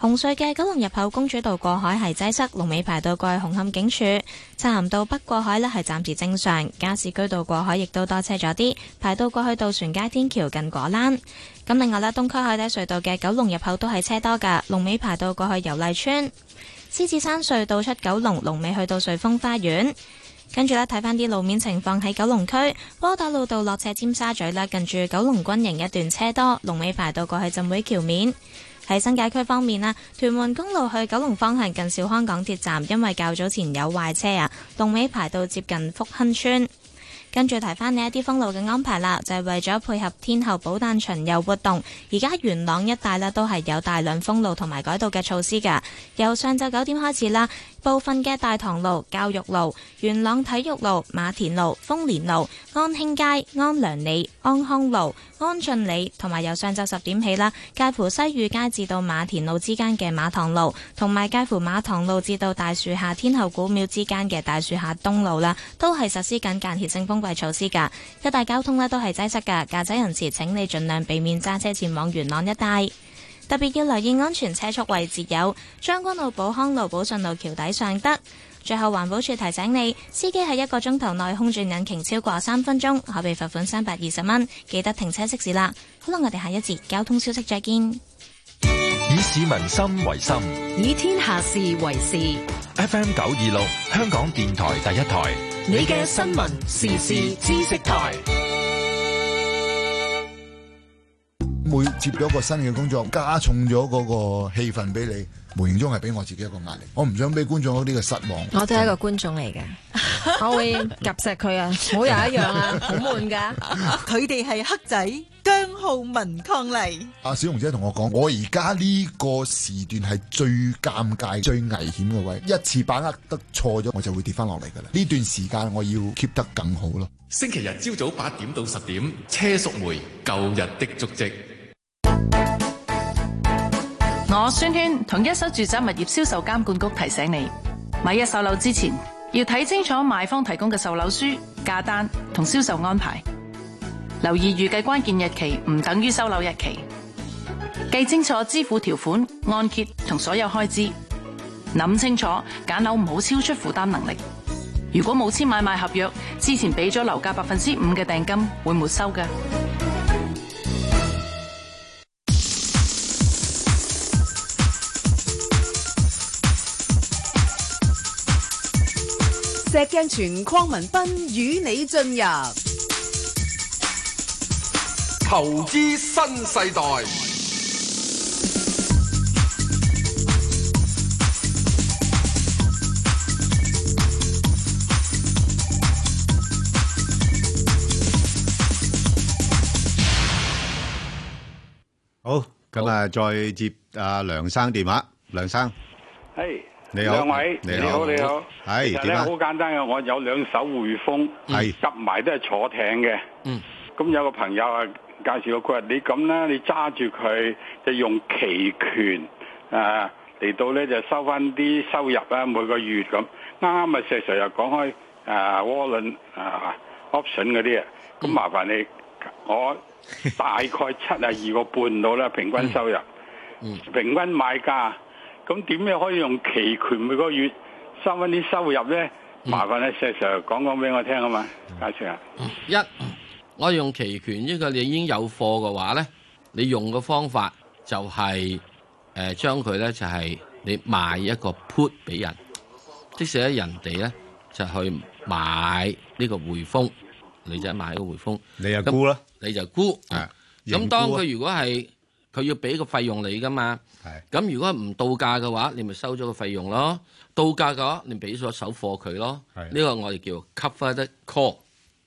紅隧嘅九龍入口公主道過海係擠塞，龍尾排到過去紅磡警署；漆咸道北過海呢係暫時正常，加士居道過海亦都多車咗啲，排到過去渡船街天橋近果欄。咁另外呢，東區海底隧道嘅九龍入口都係車多噶，龍尾排到過去油麗邨。獅子山隧道出九龍，龍尾去到瑞峰花園。跟住呢，睇翻啲路面情況喺九龍區，窩打老道落斜尖沙咀啦，近住九龍軍營一段車多，龍尾排到過去浸會橋面。喺新界區方面，屯門公路去九龍方向近兆康港鐵站，因為較早前有壞車啊，龍尾排到接近福亨村。跟住提翻你一啲封路嘅安排啦，就係、是、為咗配合天后寶誕巡遊活動。而家元朗一帶啦都係有大量封路同埋改道嘅措施噶。由上晝九點開始啦，部分嘅大棠路、教育路、元朗體育路、馬田路、豐年路、安興街、安良里、安康路、安俊里同埋由上晝十點起啦，介乎西御街至到馬田路之間嘅馬塘路，同埋介乎馬塘路至到大樹下天后古廟之間嘅大樹下東路啦，都係實施緊間歇性封。規措施噶，一帶交通咧都係擠塞噶，駕駛人士請你盡量避免揸車前往元朗一帶。特別要留意安全車速位置有將軍澳、寶康路、寶順路、橋底、尚德。最後環保署提醒你，司機喺一個鐘頭內空轉引擎超過三分鐘，可被罰款三百二十蚊。記得停車熄匙啦。好啦，我哋下一節交通消息再見。以市民心為心，以天下事為事。FM 九二六，香港電台第一台。你嘅新聞時事知識台，每接咗一個新嘅工作，加重咗嗰個氣氛俾你。無形中係俾我自己一個壓力，我唔想俾觀眾呢個失望。我都係一個觀眾嚟嘅，我會夾錫佢啊！唔好又一樣啊，好悶噶。佢哋係黑仔姜浩文抗力。阿小紅姐同我講，我而家呢個時段係最尷尬、最危險嘅位，一次把握得錯咗，我就會跌翻落嚟噶啦。呢段時間我要 keep 得更好咯。星期日朝早八點到十點，車淑梅《舊日的足跡》。我宣宣同一手住宅物業銷售監管局提醒你，買一手樓之前要睇清楚賣方提供嘅售樓書、價單同銷售安排，留意預計關鍵日期唔等於收樓日期，記清楚支付條款、按揭同所有開支，諗清楚揀樓唔好超出負擔能力。如果冇簽買賣合約之前俾咗樓價百分之五嘅訂金，會沒收噶。石鏡泉鄺民彬與你進入投資新世代。好，咁啊，再接阿梁生電話，梁生，係。兩位你好，位你好，你好。係點，其實咧好樣簡單嘅，我有兩手匯豐，係執埋都係坐艇嘅。嗯，咁有個朋友啊介紹過，佢話你咁啦，你揸住佢就用期權啊嚟到咧就收翻啲收入啦，每個月咁。啱啱啊石 Sir 又講開啊窩輪啊 option 嗰啲啊，咁、啊啊、麻煩你、嗯、我大概七十二個半度啦，平均收入，平均買價。咁點樣可以用期權每個月收翻啲收入咧？麻煩咧，石 Sir 講講俾我聽啊嘛，介紹下。一，我用期權，因為你已經有貨嘅話咧，你用嘅方法就係誒將佢咧，就係你賣一個 put 俾人，即使咧人哋咧就去買呢個匯豐，你就係買個匯豐，你就沽啦，你就沽。咁當佢如果係佢要俾個費用你噶嘛？係咁的，如果唔到價嘅話，你咪收咗個費用咯。到價嘅話，你俾咗手貨佢咯。呢個我哋叫 cover the call，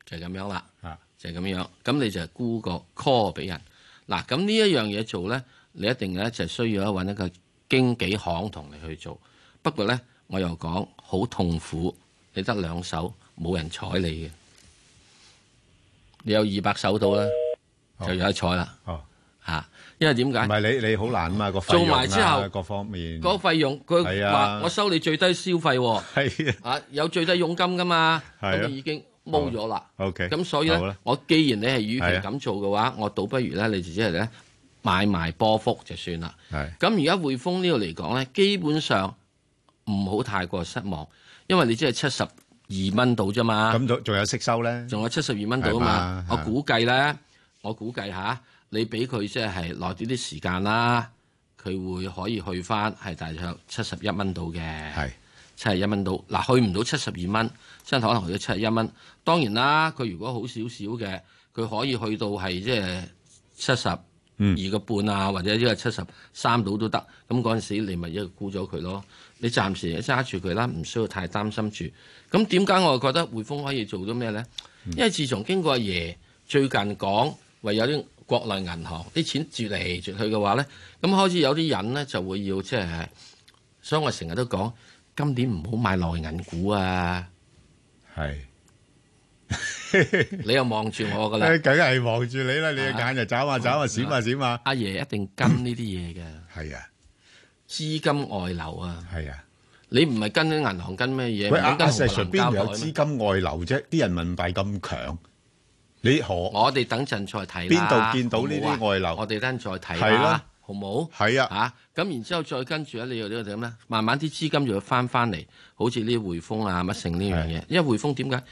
就係咁樣啦。啊，就係咁樣咁，你就沽個 call 俾人嗱。咁呢一樣嘢做咧，你一定咧就係、是、需要咧揾一個經紀行同你去做。不過咧，我又講好痛苦，你得兩手冇人睬你嘅，你有二百手到啦，就有得睬啦。哦，啊因為點解？唔係你你好難啊嘛，個費用啊，做埋之後，各方面。嗰費用佢話我收你最低消費喎，係啊，有最低佣金噶嘛，咁已經冇咗啦。OK，咁所以咧，我既然你係與其咁做嘅話，我倒不如咧，你自己嚟咧買埋波幅就算啦。係。咁而家匯豐呢度嚟講咧，基本上唔好太過失望，因為你只係七十二蚊到啫嘛。咁仲有息收咧？仲有七十二蚊到啊嘛。我估計咧，我估計吓。你俾佢即係耐啲啲時間啦，佢會可以去翻係大約七十一蚊度嘅，七十一蚊度。嗱、啊，去唔到七十二蚊，真係可能去到七十一蚊。當然啦，佢如果好少少嘅，佢可以去到係即係七十二個半啊，或者呢個七十三度都得。咁嗰陣時你咪一個沽咗佢咯。你暫時揸住佢啦，唔需要太擔心住。咁點解我覺得匯豐可以做咗咩咧？嗯、因為自從經過阿爺最近講，唯有。國內銀行啲錢住嚟住去嘅話咧，咁開始有啲人咧就會要即係、就是，所以我成日都講今年唔好買內銀股啊。係是， 你又望住我噶啦，梗係望住你啦，啊、你嘅眼就眨下眨下，閃下閃下。阿爺一定跟呢啲嘢嘅，係啊、嗯，資金外流啊，係啊，你唔係跟銀行跟咩嘢，唔係跟紅，邊有資金外流啫？啲人民幣咁強。你何我哋等陣再睇啦。邊度見到呢啲外流？我哋等再睇啦，好冇、啊？係啊，啊，啊，咁然之後再跟住咧，你又呢個點咧？慢慢啲資金就要翻翻嚟，好似呢啲匯豐啊、乜成呢樣嘢。因為匯豐點解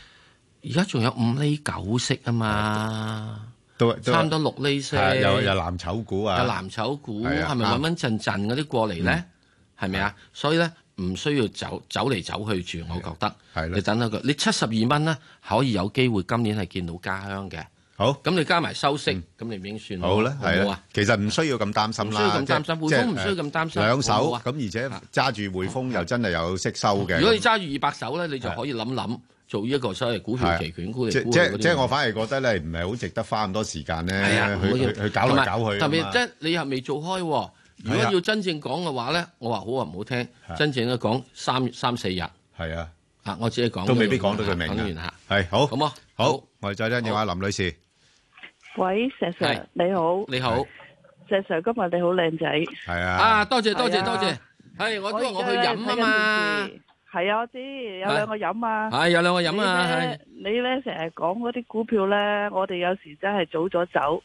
而家仲有五厘九息啊嘛，都差唔多六厘息，有又藍籌股啊，有藍籌股係咪慢慢陣陣嗰啲過嚟咧？係咪啊？所以咧。唔需要走走嚟走去住，我覺得。係你等多佢，你七十二蚊咧，可以有機會今年係見到家鄉嘅。好。咁你加埋收息，咁你已經算好啦。係啊。其實唔需要咁擔心啦。唔需要咁擔心。匯豐唔需要咁擔心。兩手。咁而且揸住匯豐又真係有息收嘅。如果你揸住二百手咧，你就可以諗諗做一個所謂股票期權，股票期權即即我反而覺得咧，唔係好值得花咁多時間咧去去搞嚟搞去。特別即你又未做開喎。如果要真正講嘅話咧，我話好話唔好聽，真正嘅講三三四日。係啊，啊，我自己講都未必講到佢明噶。係好咁啊，好，我哋再聽下林女士。喂，石 Sir 你好。你好，石 Sir 今日你好靚仔。係啊！啊，多謝多謝多謝。係，我都話我去飲啊。係啊，我知有兩個飲啊。係有兩個飲啊。係你咧成日講嗰啲股票咧，我哋有時真係早咗走。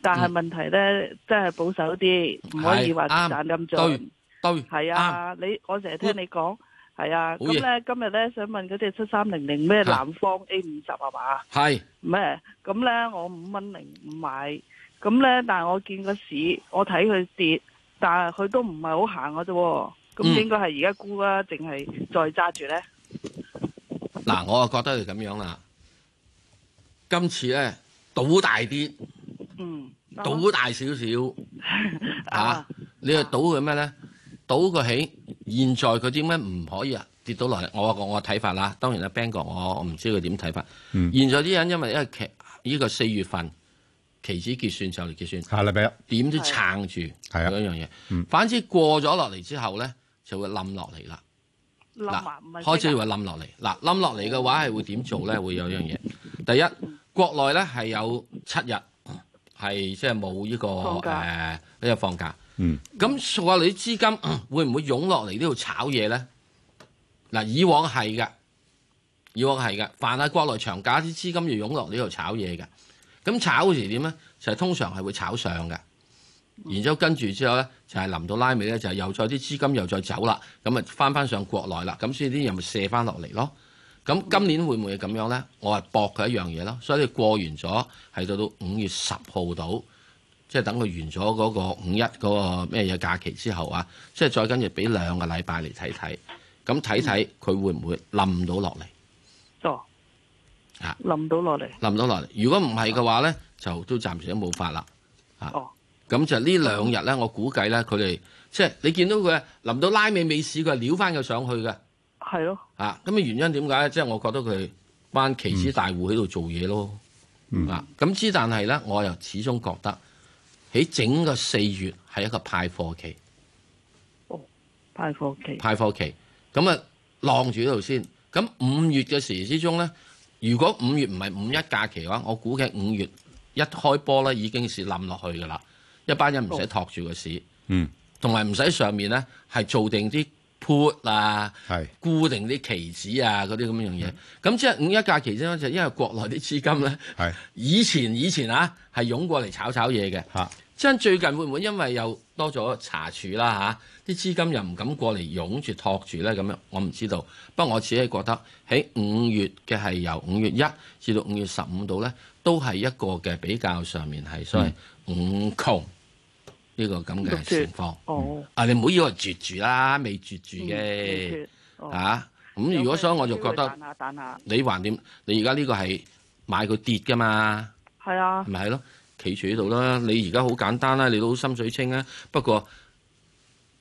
但係問題咧，真係保守啲，唔是可以話賺咁做。對，係啊，對你我成日聽你講，係、哦、啊。咁咧、嗯，今日咧想問嗰隻七三零零咩？南方 A 五十係嘛？係咩吧？咁咧，嗯、我五蚊零五買，咁咧，但係我見個市，我睇佢跌，但係佢都唔係好行嘅啫。咁應該係而家沽啦，定係再揸住咧？嗱、嗯，我啊覺得係咁樣啦。今次咧賭大啲。嗯，賭大少少吓，你去賭佢咩咧？賭個起，現在佢點解唔可以啊？跌到落嚟，我講我睇法啦。當然啦，Ben 哥我，我唔知佢點睇法。現在啲人因為因為呢個四月份期指結算就嚟結算，下禮拜一點都撐住，係啊，嗰樣嘢。反之過咗落嚟之後咧，就會冧落嚟啦。嗱，唔開始會冧落嚟。嗱，冧落嚟嘅話係會點做咧？會有一樣嘢。第一，國內咧係有七日。係即係冇呢個誒，呢假、呃、個放假。嗯。咁數下你啲資金，呃、會唔會湧落嚟呢度炒嘢咧？嗱、呃，以往係㗎，以往係㗎，凡係國內長假啲資金要湧落呢度炒嘢嘅，咁炒嗰時點咧？就係、是、通常係會炒上嘅，然之後跟住之後咧，就係、是、臨到拉尾咧，就係、是、又再啲資金又再走啦，咁啊翻翻上國內啦，咁所以啲人咪卸翻落嚟咯。咁今年會唔會咁樣呢？我係博佢一樣嘢咯，所以你過完咗係到到五月十號到，即係等佢完咗嗰個五一嗰個咩嘢假期之後啊，即係再跟住俾兩個禮拜嚟睇睇，咁睇睇佢會唔會冧到落嚟？多啊、哦，冧到落嚟，冧到落嚟。如果唔係嘅話呢，就都暫時都冇法啦。啊，咁就呢兩日呢，我估計呢，佢哋即係你見到佢冧到拉尾未市，佢撩翻佢上去嘅。係咯，啊，咁嘅原因點解咧？即係我覺得佢班期指大戶喺度做嘢咯，啊、嗯，咁、嗯、之但係咧，我又始終覺得喺整個四月係一個派貨期，哦，派貨期，派貨期，咁、嗯、啊，晾住呢度先。咁、嗯、五、嗯、月嘅時之中咧，如果五月唔係五一假期嘅話，我估計五月一開波咧，已經是冧落去噶啦，一班人唔使托住個市，哦、嗯，同埋唔使上面咧係做定啲。潑啊，是固定啲期指啊，嗰啲咁樣嘢，咁、嗯、即係五一假期之先，就因為國內啲資金咧，是以前以前啊，係湧過嚟炒炒嘢嘅，啊、即係最近會唔會因為又多咗查處啦嚇，啲、啊、資金又唔敢過嚟湧住托住咧咁樣，我唔知道。不過我自己覺得喺五月嘅係由五月一至到五月十五度咧，都係一個嘅比較上面係，嗯、所以五、嗯、窮。呢個咁嘅情況，嗯、啊你唔好以為絕住啦，未絕住嘅嚇。咁、嗯嗯啊、如果所以我就覺得，你還掂？你而家呢個係買佢跌嘅嘛？係啊，咪係咯，企住喺度啦。你而家好簡單啦，你都好心水清啊。不過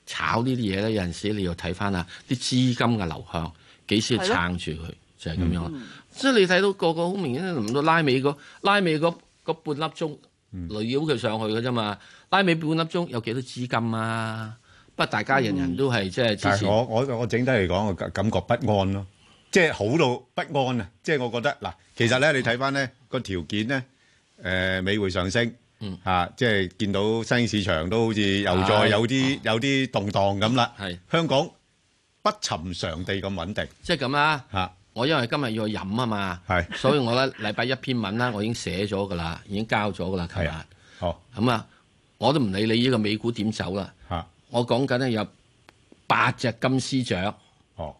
炒呢啲嘢咧，有陣時你要睇翻啊啲資金嘅流向，幾時撐住佢，就係咁樣。嗯嗯、即係你睇到個個好明顯，唔到拉尾個拉尾半粒鐘累腰佢上去嘅啫嘛，拉尾半粒鐘有幾多資金啊？不，大家人人都係即係。但係我我我整體嚟講，我感覺不安咯，即係好到不安啊！即係我覺得嗱，其實咧你睇翻咧個條件咧，誒美匯上升，嗯嚇，即係見到新市場都好似又再有啲有啲動盪咁啦。係香港不尋常地咁穩定，即係咁啦嚇。我因為今日要去飲啊嘛，所以我咧禮拜一篇文啦，我已經寫咗噶啦，已經交咗噶啦，琴日。好，咁啊，我都唔理你呢個美股點走啦。嚇！我講緊咧有八隻金絲雀。哦。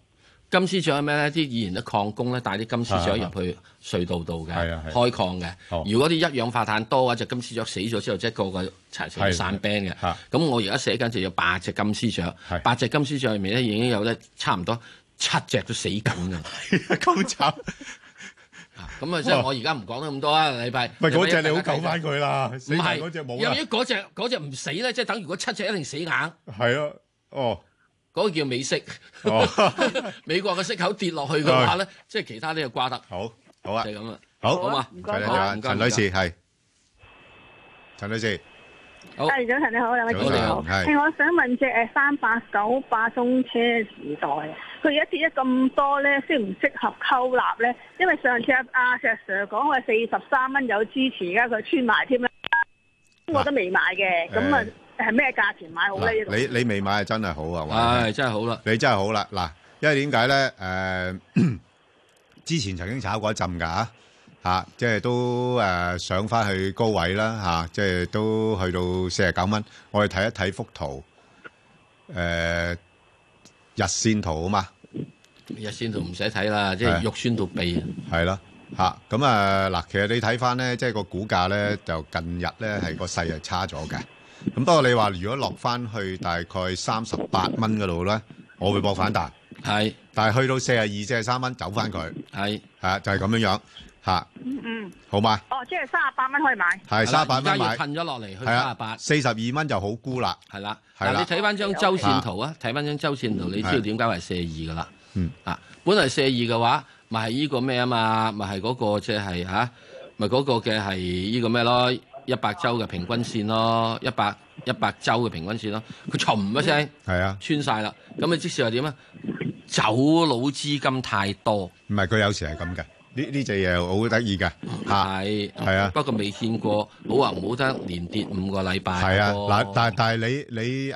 金絲雀係咩咧？啲以前啲礦工咧，帶啲金絲雀入去隧道度嘅，開礦嘅。如果啲一氧化碳多嘅話，隻金絲雀死咗之後，即係個個柴柴散冰嘅。嚇。咁我而家寫緊就有八隻金絲雀，八隻金絲雀入面咧已經有咧差唔多。七隻都死梗㗎！咁慘啊！咁啊，即係我而家唔講得咁多啦。禮拜，喂嗰隻你好救翻佢啦。唔係嗰隻冇。由於嗰隻嗰隻唔死咧，即係等如果七隻一定死硬。係啊，哦，嗰個叫美息。哦，美國嘅息口跌落去嘅話咧，即係其他都又掛得。好，好啊，就係咁啊。好，好嘛。唔該，唔該。陳女士係，陳女士。戴好早晨，你好，上你好，係上是我想問隻誒三八九八中車時代，佢而家跌咗咁多咧，適唔適合溝納咧？因為上次阿、啊、石 Sir 講話四十三蚊有支持，而家佢穿埋添啦，我都未買嘅，咁啊係咩價錢買好咧？呢、啊、裡你你未買係真係好啊，係、哎、真係好啦、啊，你真係好啦、啊，嗱、啊，因為點解咧？誒、啊，之前曾經炒過一陣噶。吓、啊，即係都誒、呃、上翻去高位啦吓、啊，即係都去到四廿九蚊。我哋睇一睇幅圖，誒日線圖啊嘛，日線圖唔使睇啦，即係肉酸到痹、啊。係啦、啊，吓咁啊嗱、啊啊，其實你睇翻咧，即係個股價咧，就近日咧係個勢係差咗嘅。咁不過你話如果落翻去大概三十八蚊嗰度咧，我會搏反彈。係是，但係去到四廿二、四廿三蚊走翻佢。係是，啊就係咁樣樣。吓，嗯嗯，好嘛，哦，即係三十八蚊可以買，係三十八蚊買，而家褪咗落嚟，係啊，三十八，四十二蚊就好沽啦，係啦，係啦。你睇翻張周線圖啊，睇翻張周線圖，你知道點解會係四二噶啦，嗯，啊，本嚟四二嘅話，咪係呢個咩啊嘛，咪係嗰個即係吓，咪嗰個嘅係呢個咩咯？一百周嘅平均線咯，一百一百周嘅平均線咯，佢沉一聲，係啊，穿晒啦，咁你即時又點啊？走佬資金太多，唔係佢有時係咁嘅。呢呢隻嘢好得意嘅，係係啊，不過未見過，好話唔好得連跌五個禮拜。係啊，嗱，但係但係你你誒，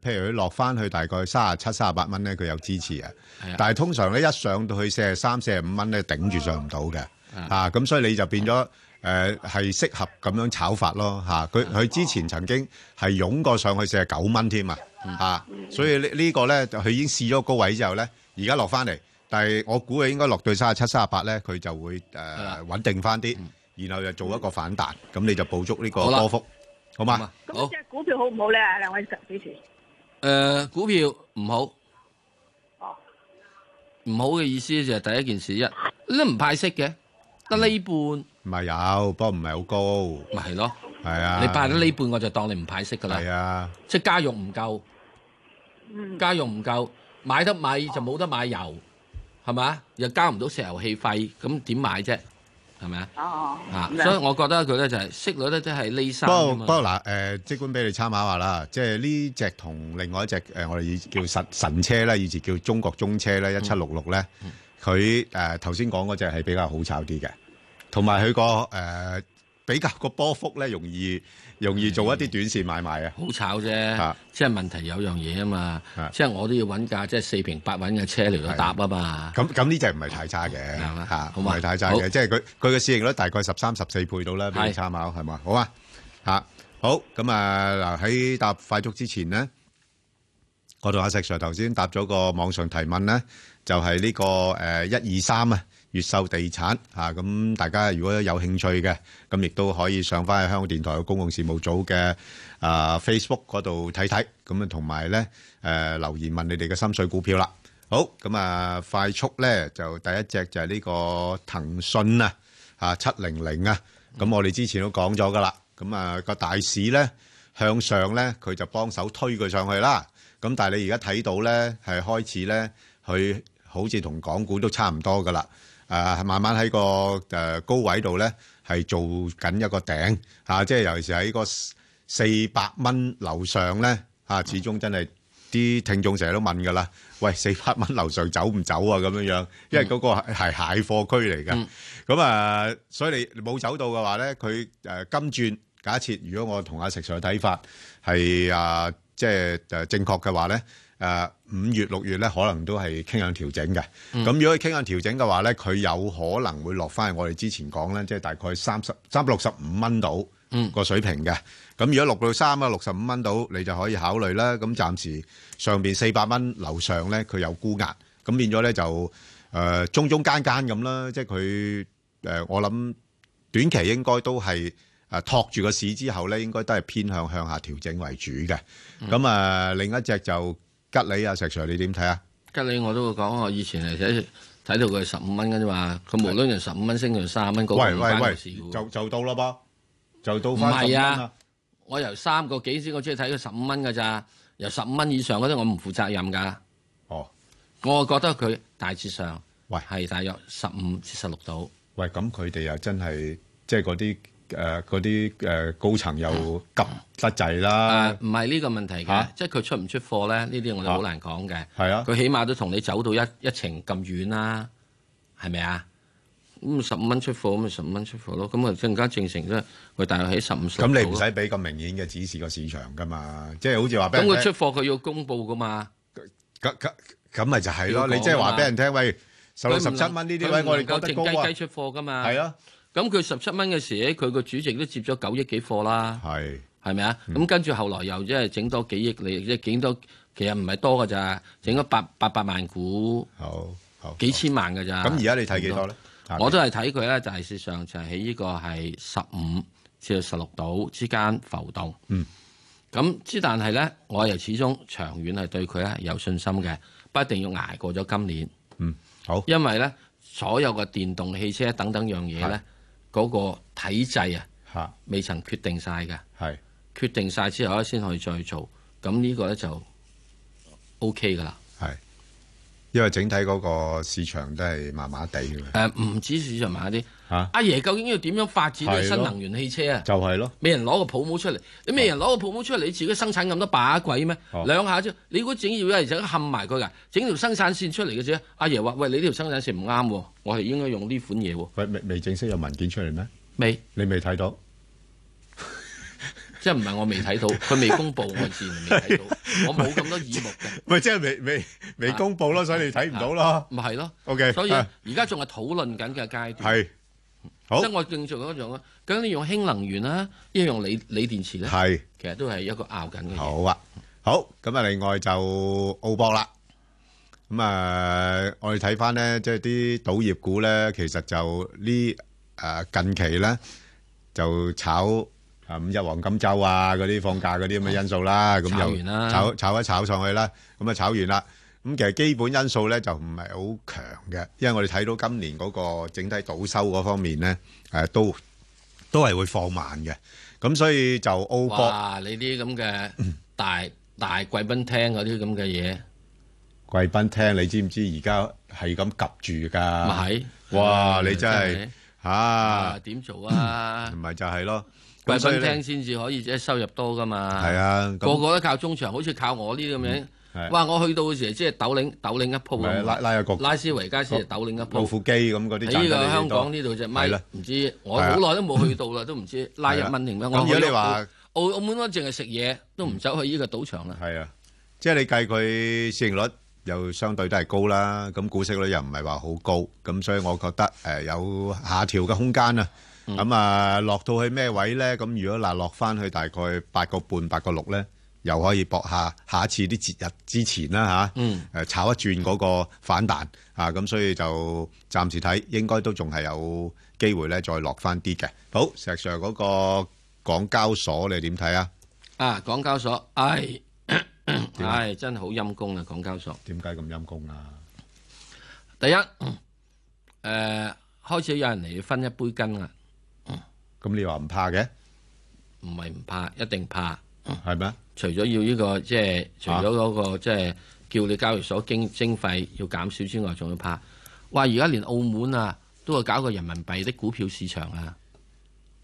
譬如佢落翻去大概三十七、三十八蚊咧，佢有支持啊。係啊，但係通常咧一上到去四十三、四十五蚊咧，頂住上唔到嘅。係啊，咁所以你就變咗誒係適合咁樣炒法咯嚇。佢佢之前曾經係湧過上去四十九蚊添啊，嚇。所以呢呢個咧就佢已經試咗高位之後咧，而家落翻嚟，但係我估佢應該落對三十七、三十八咧，佢就會誒穩定翻啲，然後又做一個反彈，咁你就捕捉呢個波幅，好嘛？咁隻股票好唔好咧？兩位主持人，誒，股票唔好。哦，唔好嘅意思就係第一件事，一你都唔派息嘅。得呢半，咪有，不過唔係好高。咪係咯，係啊，你派得呢半，我就當你唔派息噶啦，係啊。即係家用唔夠，家用唔夠，買得米就冇得買油。係咪？又交唔到石油氣費，咁點買啫？係咪啊？哦，嚇！所以我覺得佢咧就係息率咧都係呢三。不過不過嗱，誒，即管俾你參考下啦。即係呢隻同另外一隻誒，我哋以前叫神神車咧，以前叫中國中車咧，一七六六咧，佢誒頭先講嗰隻係比較好炒啲嘅，同埋佢個誒比較個波幅咧容易。容易做一啲短線買賣啊！好炒啫，是即係問題有樣嘢啊嘛，是即係我都要揾架即係、就是、四平八穩嘅車嚟到搭啊嘛。咁咁呢隻唔係太差嘅嚇，唔係太差嘅，好即係佢佢嘅市盈率大概十三十四倍到啦，畀你參考係嘛的的？好啊，嚇，好咁啊嗱！喺、嗯、搭快速之前呢，我同阿石 Sir 頭先答咗個網上提問咧，就係、是、呢個誒一二三啊。越秀地產嚇，咁大家如果有興趣嘅，咁亦都可以上翻去香港電台嘅公共事務組嘅啊 Facebook 嗰度睇睇，咁啊同埋咧誒留言問你哋嘅心水股票啦。好咁啊，快速咧就第一隻就係呢個騰訊啊嚇，七零零啊，咁我哋之前都講咗噶啦，咁啊個大市咧向上咧，佢就幫手推佢上去啦。咁但係你而家睇到咧，係開始咧，佢好似同港股都差唔多噶啦。誒慢慢喺個誒高位度咧，係做緊一個頂嚇，即係尤其是喺個四百蚊樓上咧嚇，始終真係啲聽眾成日都問㗎啦。喂，四百蚊樓上走唔走啊？咁樣樣，因為嗰個係蟹貨區嚟㗎。咁啊，所以你冇走到嘅話咧，佢誒金轉。假設如果我同阿石 sir 嘅睇法係啊，即係誒正確嘅話咧。誒五月六月咧，可能都係傾向調整嘅。咁如果傾向調整嘅話咧，佢有可能會落翻去我哋之前講咧，即係大概三十三百六十五蚊到個水平嘅。咁如果落到三百六十五蚊到，你就可以考慮啦。咁暫時上邊四百蚊樓上咧，佢有沽壓，咁變咗咧就誒中中間間咁啦。即係佢誒，我諗短期應該都係誒托住個市之後咧，應該都係偏向向下調整為主嘅。咁啊，另一隻就。吉利啊，石 Sir，你點睇啊？吉利我都會講，我以前係睇睇到佢十五蚊嘅啫嘛。佢無論從十五蚊升到三十蚊，嗰、嗰個中間嘅就就到啦噃，就到唔係啊，我由三個幾先，我先睇到十五蚊嘅咋？由十五蚊以上嗰啲，我唔負責任噶。哦，我覺得佢大致上喂係大約十五至十六度。喂，咁佢哋又真係即係嗰啲。誒，嗰啲誒高層又急失滯啦。唔係呢個問題嘅，即係佢出唔出貨咧？呢啲我哋好難講嘅。係啊，佢、啊、起碼都同你走到一一程咁遠啦，係咪啊？咁十五蚊出貨，咁咪十五蚊出貨咯。咁啊，更加正常啫。佢大概喺十五。咁你唔使俾咁明顯嘅指示個市場噶嘛？即係好似話。咁佢出貨佢要公布噶嘛？咁咪就係咯。你即係話俾人聽喂，十六十七蚊呢啲位，我哋講得高啊。出貨噶嘛？係啊。咁佢十七蚊嘅時佢個主席都接咗九億幾貨啦，係是，係咪啊？咁、嗯、跟住後來又即係整多幾億你即係整多，其實唔係多㗎咋，整咗八八百萬股，好，好好幾千萬㗎咋。咁而家你睇幾多咧？多面我都係睇佢咧，就係事實上就喺呢個係十五至到十六度之間浮動。嗯。咁之但係咧，我由始終長遠係對佢咧有信心嘅，不一定要捱過咗今年。嗯，好。因為咧，所有嘅電動汽車等等樣嘢咧。嗰個體制啊，未曾決定晒嘅。係決定晒之後咧先可以再做，咁呢個咧就 O K 噶啦。因為整體嗰個市場都係麻麻地嘅。誒、啊，唔止市場麻麻啲。阿爺究竟要點樣發展啲新能源汽車啊？就係、是、咯。未人攞個泡沫出嚟，你未人攞個泡沫出嚟，你、哦、自己生產咁多把鬼咩？哦、兩下啫。你估整要咧，就冚埋佢噶，整條生產線出嚟嘅啫。阿爺話：喂，你呢條生產線唔啱，我係應該用呢款嘢。喂，未未正式有文件出嚟咩？未。你未睇到？即係唔係我未睇到，佢未公布，我自然未睇到。我冇咁多耳目嘅。唔係即係未未未公布咯，所以你睇唔到咯。唔係咯。O K。所以而家仲係討論緊嘅階段。係。好。即係我正做嗰種啊。究竟用氫能源啦，亦用鋰鋰電池咧。係。其實都係一個拗緊嘅嘢。好啊。好。咁啊，另外就澳博啦。咁啊，我哋睇翻咧，即係啲賭業股咧，其實就呢誒近期咧就炒。五一黃金週啊，嗰啲放假嗰啲咁嘅因素啦，咁又炒炒一炒上去啦，咁啊炒完啦。咁其實基本因素咧就唔係好強嘅，因為我哋睇到今年嗰個整體倒收嗰方面咧，誒都都係會放慢嘅。咁所以就哇，你啲咁嘅大大貴賓廳嗰啲咁嘅嘢，貴賓廳你知唔知而家係咁急住㗎？咪係哇！你真係嚇點做啊？唔係就係咯。貴賓廳先至可以即係收入多噶嘛？係啊，個個都靠中場，好似靠我呢啲咁樣。哇！我去到嘅時，即係斗領斗領一鋪，拉拉阿國，拉斯維加斯斗領一鋪，老虎機咁嗰啲。喺個香港呢度就唔知，我好耐都冇去到啦，都唔知拉一蚊定乜。我依家澳澳門我淨係食嘢，都唔走去呢個賭場啦。係啊，即係你計佢市盈率又相對都係高啦，咁股息率又唔係話好高，咁所以我覺得誒有下調嘅空間啊。咁、嗯嗯、啊，落到去咩位咧？咁如果嗱落翻去大概八個半、八個六咧，又可以搏下下一次啲節日之前啦吓，啊、嗯，誒炒一轉嗰個反彈、嗯、啊，咁所以就暫時睇應該都仲係有機會咧，再落翻啲嘅。好，石 Sir 嗰個港交所你點睇啊？啊，港交所，唉，唉，真係好陰功啊，港交所。點解咁陰功啊？第一，誒、呃、開始有人嚟分一杯羹啊！咁你話唔怕嘅？唔係唔怕，一定怕，係咩？除咗要呢個、啊、即係，除咗嗰個即係叫你交易所經徵費要減少之外，仲要怕。話而家連澳門啊，都係搞個人民幣的股票市場啊，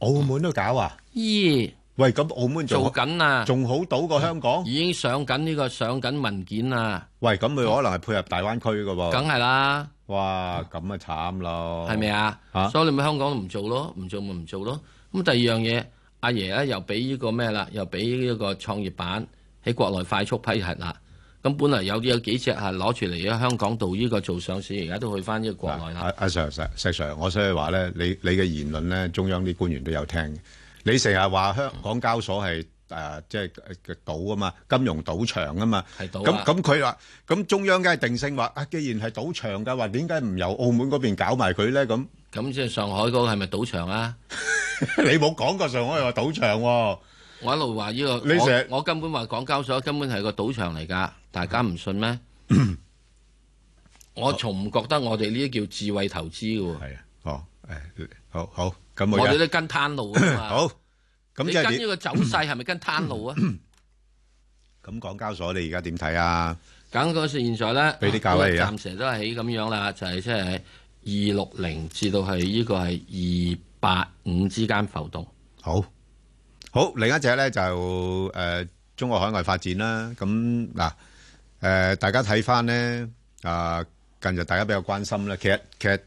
澳門都搞啊。咦！喂，咁澳門做緊啊，仲好賭過香港，已經上緊呢個上緊文件啊。喂，咁佢可能係配合大灣區嘅噃，梗係啦。哇，咁啊慘咯，係咪啊？所以你咪香港唔做咯，唔做咪唔做咯。咁第二樣嘢，阿爺咧又俾呢個咩啦？又俾呢個創業板喺國內快速批核啦。咁本嚟有有幾隻係攞住嚟喺香港度呢個做上市，而家都去翻呢個國內啦。阿阿 Sir Sir Sir，我所以話咧，你你嘅言論咧，中央啲官員都有聽。你成日話香港交所係誒，即係賭啊嘛，金融賭場啊嘛，係賭，咁咁佢話，咁中央梗係定性話，啊既然係賭場噶話點解唔由澳門嗰邊搞埋佢咧？咁咁即係上海嗰個係咪賭場啊？你冇講過上海又話賭場喎？我一路話呢個，你成日，我根本話港交所根本係個賭場嚟噶，大家唔信咩？我從唔覺得我哋呢啲叫智慧投資噶喎。係啊，哦，誒，好好。我哋都跟攤路啊嘛，好，咁即係呢個走勢係咪跟攤路啊？咁港交所你而家點睇啊？港股現在咧，俾啲價位，暫時都係喺咁樣啦，就係即係二六零至到係呢個係二八五之間浮動。好，好，另一隻咧就誒中國海外發展啦。咁嗱，誒大家睇翻咧，啊近日大家比較關心啦，其實其實。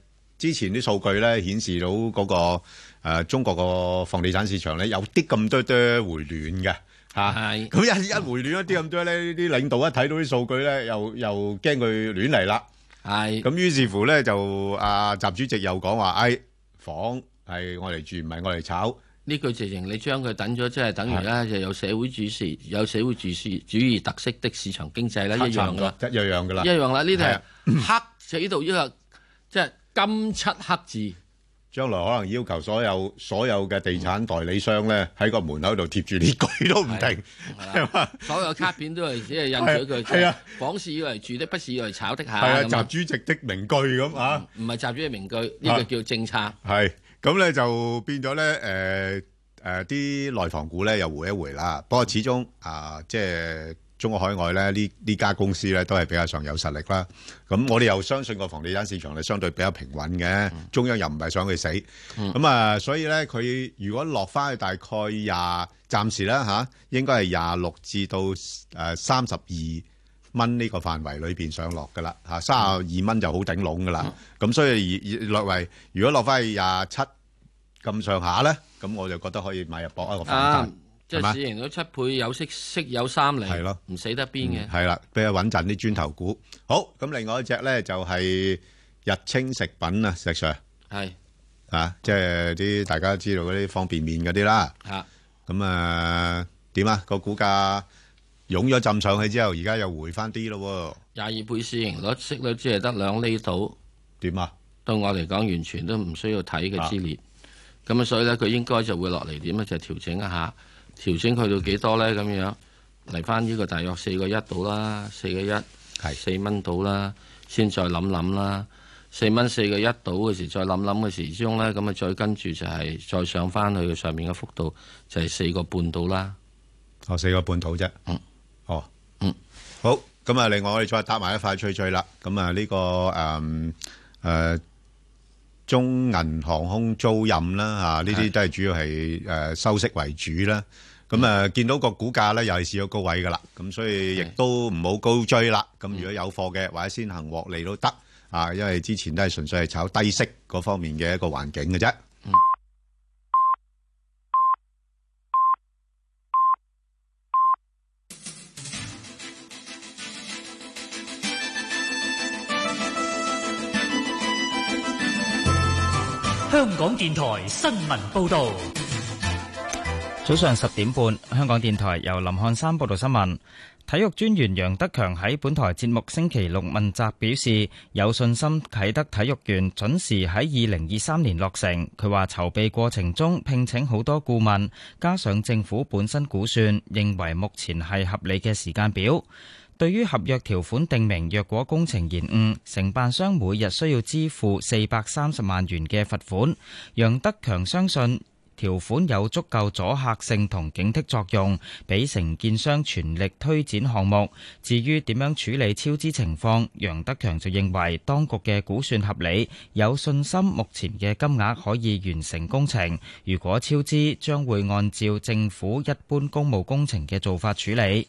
之前啲數據咧顯示到嗰個誒中國個房地產市場咧有啲咁多多回暖嘅嚇，咁一一回暖一啲咁多咧，啲領導一睇到啲數據咧，又又驚佢亂嚟啦。係咁，於是乎咧就阿習主席又講話，誒房係我嚟住，唔係我嚟炒。呢句直情你將佢等咗，即係等於咧就有社會主事，有社會主事主義特色的市場經濟咧一樣噶，一樣樣噶啦，一樣啦。呢啲係黑喺度呢個即係。金漆黑字，將來可能要求所有所有嘅地產代理商咧喺個門口度貼住呢句都唔停，所有卡片都係只係印住呢句。係啊，房是用來住的，不是用來炒的，下習主席的名句咁啊？唔係習主席名句，呢個叫政策。係咁咧就變咗咧，誒誒，啲內房股咧又回一回啦。不過始終啊，即係。中國海外咧呢呢家公司咧都係比較上有實力啦，咁、嗯、我哋又相信個房地產市場係相對比較平穩嘅，嗯、中央又唔係想佢死，咁啊、嗯嗯嗯、所以咧佢如果落翻去大概廿暫時咧嚇、啊，應該係廿六至到誒三十二蚊呢個範圍裏邊上落噶啦嚇，三十二蚊就好頂籠噶啦，咁、嗯嗯、所以落位如果落翻去廿七咁上下咧，咁我就覺得可以買入博一個房地即係市盈率七倍，有息息有三厘，係咯的，唔死得邊嘅係啦，比較穩陣啲磚頭股。好咁，另外一隻咧就係、是、日清食品啊，石 Sir 係是啊，即係啲大家知道嗰啲方便麵嗰啲啦吓。咁的啊，點啊、那個股價湧咗浸上去之後，而家又回翻啲咯。廿二倍市盈率，息率只係得兩厘度，點啊？對我嚟講，完全都唔需要睇佢之列咁啊。的所以咧，佢應該就會落嚟，點咧就調整一下。調整去到幾多呢？咁樣嚟翻呢個大約四個一到啦，四個一係四蚊到啦，先再諗諗啦。四蚊四個一到嘅時，再諗諗嘅時之中咧，咁啊再跟住就係、是、再上翻去上面嘅幅度，就係四個半到啦。哦，四個半到啫。嗯，哦，嗯，好。咁啊，另外我哋再搭埋一塊碎碎啦。咁啊、這個，呢個誒誒中銀航空租賃啦嚇，呢、啊、啲都係主要係誒、呃、收息為主啦。咁誒，見到個股價咧，又係試咗高位噶啦，咁所以亦都唔好高追啦。咁如果有貨嘅，或者先行獲利都得啊，因為之前都係純粹係炒低息嗰方面嘅一個環境嘅啫。香港電台新聞報導。早上十點半，香港電台由林漢山報導新聞。體育專員楊德強喺本台節目《星期六問責》表示，有信心啟德體育園準時喺二零二三年落成。佢話籌備過程中聘請好多顧問，加上政府本身估算，認為目前係合理嘅時間表。對於合約條款定明，若果工程延誤，承辦商每日需要支付四百三十萬元嘅罰款。楊德強相信，條款有足夠阻嚇性同警惕作用，俾承建商全力推展項目。至於點樣處理超支情況，楊德強就認為當局嘅估算合理，有信心目前嘅金額可以完成工程。如果超支，將會按照政府一般公務工程嘅做法處理。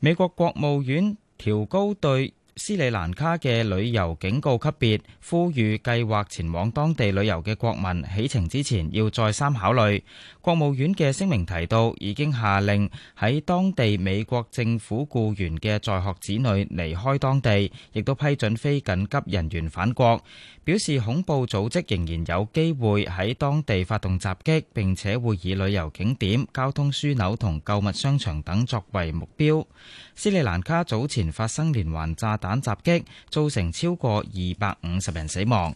美國國務院調高對斯里蘭卡嘅旅遊警告級別，呼籲計劃前往當地旅遊嘅國民起程之前要再三考慮。國務院嘅聲明提到，已經下令喺當地美國政府僱員嘅在學子女離開當地，亦都批准非緊急人員返國。表示恐怖組織仍然有機會喺當地發動襲擊，並且會以旅遊景點、交通樞紐同購物商場等作為目標。斯里蘭卡早前發生連環炸彈襲擊，造成超過二百五十人死亡。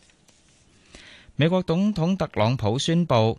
美國總統特朗普宣布，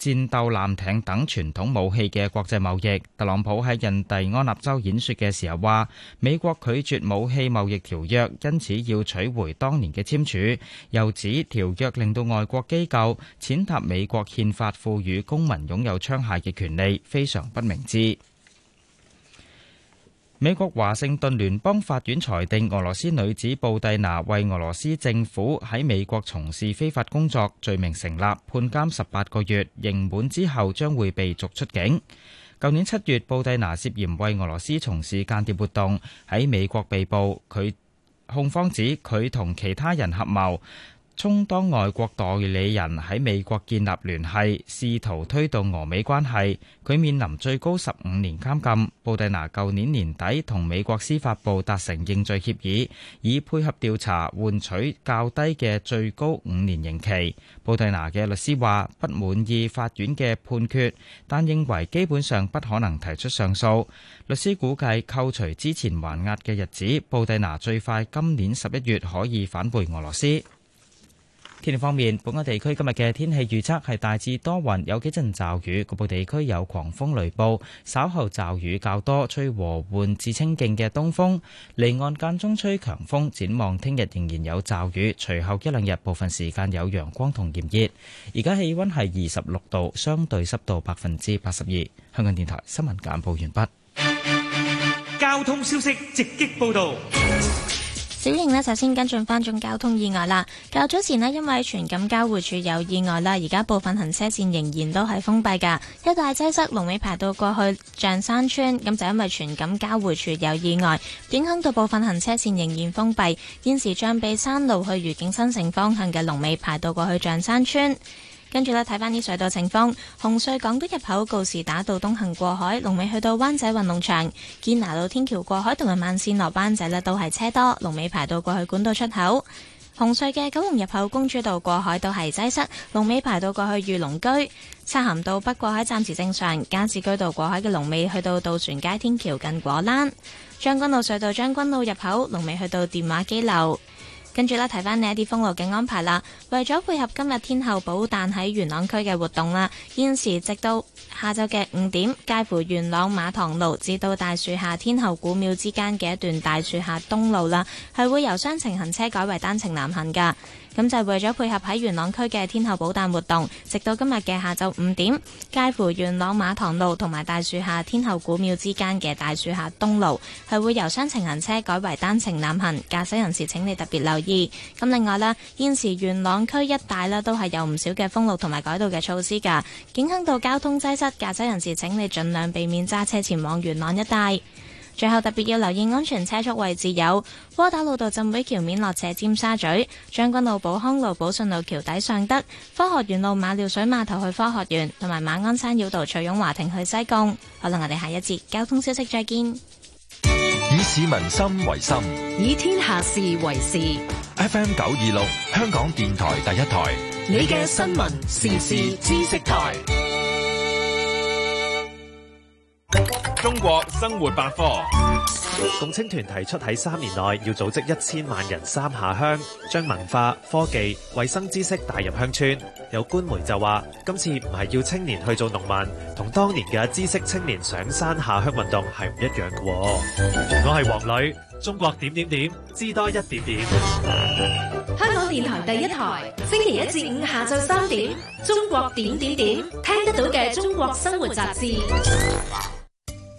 戰鬥艦艇等傳統武器嘅國際貿易，特朗普喺印第安納州演說嘅時候話，美國拒絕武器貿易條約，因此要取回當年嘅簽署，又指條約令到外國機構踐踏美國憲法賦予公民擁有槍械嘅權利，非常不明智。美國華盛頓聯邦法院裁定，俄羅斯女子布蒂娜為俄羅斯政府喺美國從事非法工作罪名成立，判監十八個月，刑滿之後將會被逐出境。舊年七月，布蒂娜涉嫌為俄羅斯從事間諜活動喺美國被捕，佢控方指佢同其他人合謀。充當外國代理人喺美國建立聯繫，試圖推動俄美關係。佢面臨最高十五年監禁。布蒂娜舊年年底同美國司法部達成認罪協議，以配合調查，換取較低嘅最高五年刑期。布蒂娜嘅律師話，不滿意法院嘅判決，但認為基本上不可能提出上訴。律師估計扣除之前還押嘅日子，布蒂娜最快今年十一月可以返回俄羅斯。天氣方面，本港地區今日嘅天氣預測係大致多雲，有幾陣驟雨，局部地區有狂風雷暴。稍後驟雨較多，吹和緩至清勁嘅東風，離岸間中吹強風。展望聽日仍然有驟雨，隨後一兩日部分時間有陽光同炎熱。而家氣溫係二十六度，相對濕度百分之八十二。香港電台新聞簡報完畢。交通消息直擊報道。小型呢就先跟進翻種交通意外啦。較早前呢，因為荃錦交匯處有意外啦，而家部分行車線仍然都係封閉噶，一大擠塞，龍尾排到過去象山邨，咁就因為荃錦交匯處有意外，影響到部分行車線仍然封閉，現時將避山路去愉景新城方向嘅龍尾排到過去象山邨。跟住咧，睇翻啲隧道情況。紅隧港島入口告士打道東行過海，龍尾去到灣仔運動場；堅拿道天橋過海同埋慢綫落灣仔咧，都係車多，龍尾排到過去管道出口。紅隧嘅九龍入口公主道過海都係擠塞，龍尾排到過去御龍居。漆咸道北過海暫時正常，加士居道過海嘅龍尾去到渡船街天橋近果欄。將軍澳隧道將軍澳入口龍尾去到電話機樓。跟住咧，提返你一啲封路嘅安排啦。為咗配合今日天，天后寶誕喺元朗區嘅活動啦，現時直到下晝嘅五點，介乎元朗馬塘路至到大樹下天后古廟之間嘅一段大樹下東路啦，係會由雙程行車改為單程南行噶。咁就為咗配合喺元朗區嘅天后寶誕活動，直到今日嘅下晝五點，介乎元朗馬塘路同埋大樹下天后古廟之間嘅大樹下東路，係會由雙程行車改為單程南行。駕駛人士請你特別留意。咁另外啦，現時元朗區一帶咧，都係有唔少嘅封路同埋改道嘅措施噶，影響到交通擠塞，駕駛人士請你盡量避免揸車前往元朗一帶。最後特別要留意安全車速位置有：窩打老道浸會橋面落斜尖沙咀、將軍路、寶康路、寶順路橋底、尚德、科學園路、馬料水碼頭去科學園，同埋馬鞍山繞道翠涌華庭去西貢。可能我哋下一節交通消息再見。以市民心為心，以天下事為事。FM 九二六，香港電台第一台，你嘅新聞時事知識台。中國生活百科，共青團提出喺三年內要組織一千萬人三下鄉，將文化、科技、衛生知識帶入鄉村。有官媒就話，今次唔係要青年去做農民，同當年嘅知識青年上山下鄉運動係唔一樣嘅。我係黃磊，中國點點點知多一點點。香港電台第一台，星期一至五下晝三點，中國點點點聽得到嘅中國生活雜誌。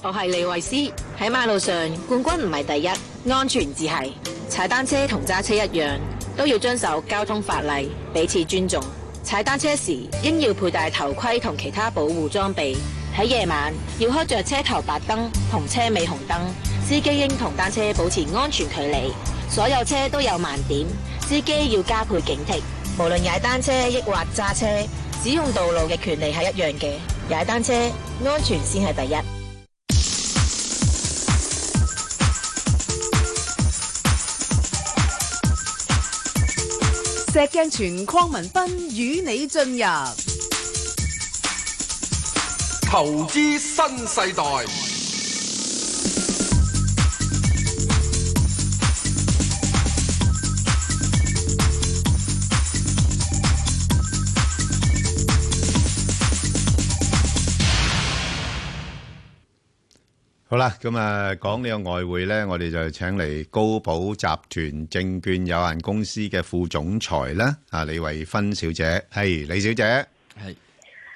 我係李維斯。喺馬路上，冠軍唔係第一，安全至係。踩單車同揸車一樣，都要遵守交通法例，彼此尊重。踩單車時應要佩戴頭盔同其他保護裝備。喺夜晚要開着車頭白燈同車尾紅燈。司機應同單車保持安全距離。所有車都有盲點，司機要加倍警惕。無論踩單車抑或揸車，使用道路嘅權利係一樣嘅。踩單車安全先係第一。石鏡泉鄺民彬與你進入投資新世代。好啦，咁啊講呢個外匯呢，我哋就請嚟高寶集團證券有限公司嘅副總裁啦，啊李慧芬小姐，係李小姐，係。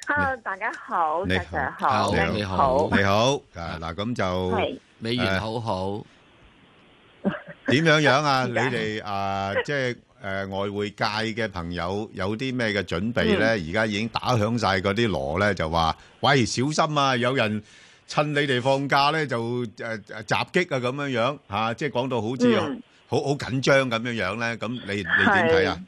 Hello，大家好，大家好，你好，你好，啊嗱，咁就美元好好，點樣樣啊？你哋啊，即係誒外匯界嘅朋友有啲咩嘅準備呢？而家已經打響晒嗰啲鑼呢，就話喂，小心啊，有人。趁你哋放假咧，就誒誒襲擊啊咁樣樣嚇，即係講到好似，好好緊張咁樣樣咧。咁你你點睇啊？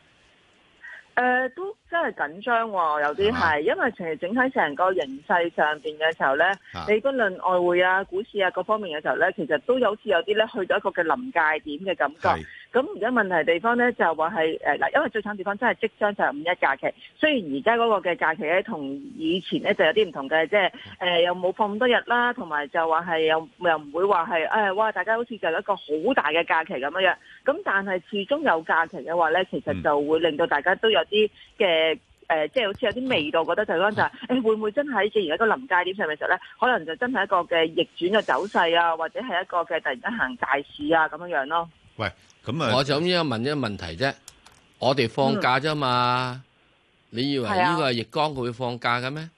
誒，都真係緊張喎，有啲係，因為其實整體成個形勢上邊嘅時候咧，你無論外匯啊、股市啊各方面嘅時候咧，其實都有似有啲咧去到一個嘅臨界點嘅感覺。咁而家問題地方咧，就話係誒嗱，因為最慘地方真係即將就入五一假期。雖然而家嗰個嘅假期咧，同以前咧就有啲唔同嘅，即係誒、呃、又冇放咁多日啦，同埋就話係又又唔會話係誒哇，大家好似就一個好大嘅假期咁樣樣。咁但係始終有假期嘅話咧，其實就會令到大家都有啲嘅誒，即係好似有啲味道，覺得,覺得就係講就係誒會唔會真係即係而家個臨界點上面嘅時候咧，可能就真係一個嘅逆轉嘅走勢啊，或者係一個嘅突然間行大市啊咁樣樣咯。喂。我就咁樣問，一個問題啫，我哋放假啫嘛，你以為呢個係易綱佢會放假嘅咩？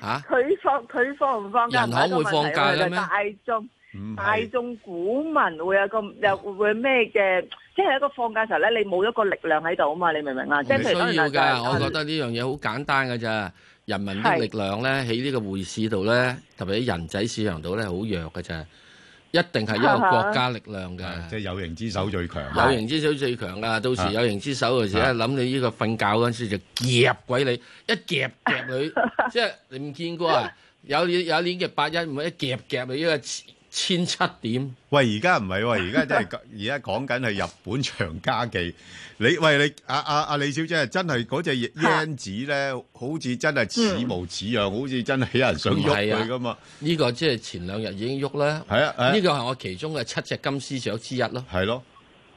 吓？佢放佢放唔放假？人口會放假咧咩？大眾大眾股民會有個又會咩嘅？即係一個放假時候咧，你冇一個力量喺度啊嘛？你明唔明啊？唔需要噶，我覺得呢樣嘢好簡單噶咋。人民嘅力量咧，喺呢個匯市度咧，特別喺人仔市場度咧，好弱噶咋。一定係一個國家力量嘅，即係、就是、有形之手最強。有形之手最強啊！到時有形之手嘅時候，諗的你呢個瞓覺嗰陣時就夾鬼你，一夾夾你， 即係你唔見過啊？有有年嘅八一唔係一夾夾你呢個。千七點，喂！而家唔係喎，而家真係而家講緊係日本長家記。你喂你阿阿阿李小姐真係嗰隻鴛子咧哈，好似真係似模似樣，好似真係有人想喐佢㗎嘛？呢、啊這個即係前兩日已經喐啦。係啊，呢、啊、個係我其中嘅七隻金絲雀之一咯。係咯、啊。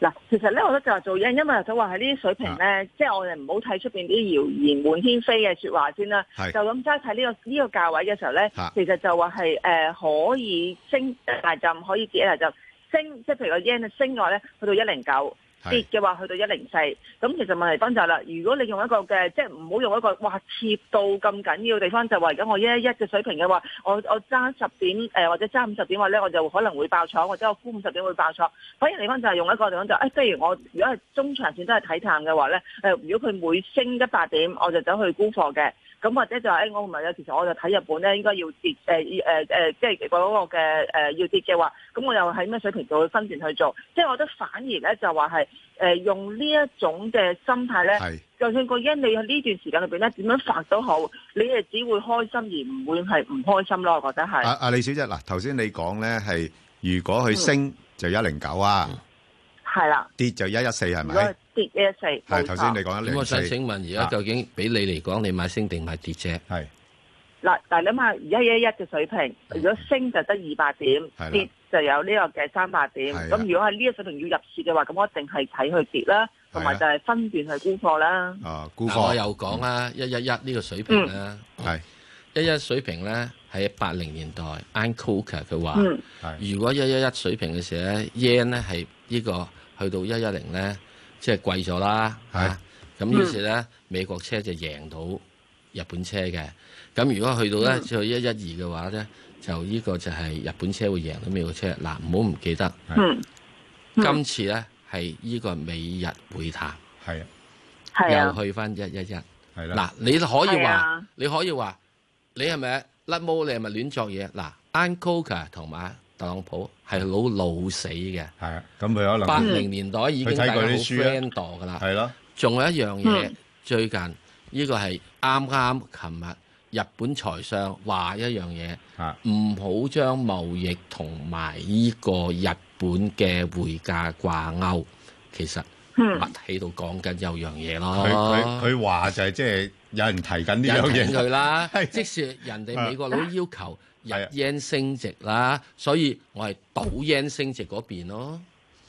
嗱，其實咧，我覺得就係做 yen，因為佢先話喺呢啲水平咧，啊、即係我哋唔好睇出邊啲謠言滿天飛嘅説話先啦，是就咁齋睇呢個呢、呢個價位嘅時候咧，啊、其實就話係誒可以升一大浸，就唔可以跌一大浸，升即係譬如個 yen 升落咧去到一零九。是跌嘅話去到一零四，咁其實問題翻就係啦，如果你用一個嘅，即係唔好用一個哇跌到咁緊要地方，就話而家我一一一嘅水平嘅話，我我揸十點誒、呃、或者揸五十點話咧，我就可能會爆倉，或者我沽五十點會爆倉。反而地方就係用一個地方就誒，不、哎、如我如果係中長線都係睇淡嘅話咧，誒、呃、如果佢每升一百點，我就走去沽貨嘅。咁或者就話、哎、我唔係有，其實我就睇日本咧，應該要跌誒誒誒，即係嗰、那個嘅誒、呃、要跌嘅話，咁我又喺咩水平度去分段去做？即係我覺得反而咧，就話係誒用呢一種嘅心態咧，是就算個因你喺呢段時間裏邊咧點樣發都好，你係只會開心而唔會係唔開心咯。我覺得係。阿阿、啊、李小姐嗱，頭先你講咧係，如果佢升、嗯、就一零九啊，係啦、嗯，跌就一一四係咪？的如果 一一四。係頭先你講，我想請問，而家究竟俾你嚟講，你買升定買跌啫？係嗱，但係諗下一一一嘅水平，如果升就得二百點，跌就有呢個嘅三百點。咁如果係呢個水平要入市嘅話，咁我一定係睇佢跌啦，同埋就係分段去沽貨啦。啊，沽貨！我又講啦，一一一呢個水平啦，係一一水平咧，喺八零年代 u n c o k e r 佢話，如果一一一水平嘅時候咧，yen 咧係呢個去到一一零咧。即係貴咗啦，咁的、啊、於是咧、嗯、美國車就贏到日本車嘅。咁如果去到咧再一一二嘅話咧，就呢個就係日本車會贏到美國車。嗱、啊，唔好唔記得。的嗯，今次咧係呢個美日會談，係啊的，又去翻一一一。係啦。嗱，你可以話的，你可以話，你係咪甩毛？你係咪亂作嘢？嗱 u n k o k a 同埋。啊啊啊啊特朗普係老，老老死嘅，係啊，咁佢可能八零年代已經睇好啲 r 噶啦，係咯、啊。仲了有一樣嘢，嗯、最近呢個係啱啱琴日日本財相話一樣嘢，唔好將貿易同埋呢個日本嘅匯價掛鈎。其實，物喺度講緊有一樣嘢咯。佢佢話就係即係有人提緊呢樣嘢，佢啦，的啊、即使人哋美國佬要求。日 yen 升值啦，所以我係賭 yen 升值嗰邊咯。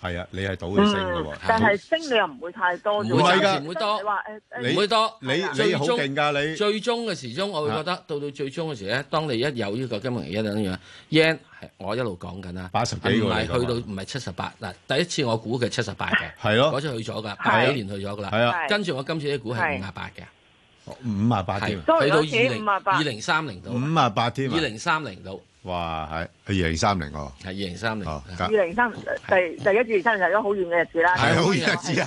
係啊，你係賭佢升嘅喎。但係升你又唔會太多，唔會多，唔會多。你最終勁噶你，最終嘅時鐘我會覺得，到到最終嘅時咧，當你一有呢個金融期一等樣，yen 係我一路講緊啦，八十幾個唔係去到唔係七十八嗱。第一次我估嘅七十八嘅，係咯，嗰次去咗噶，八幾年去咗噶啦。係啊，跟住我今次啲估係五廿八嘅。五啊八添，去到二零五啊八，二零三零度，五啊八添啊，二零三零度，哇係，係二零三零哦，係二零三零，二零三零就就一月二三日咗好遠嘅日子啦，係好遠日子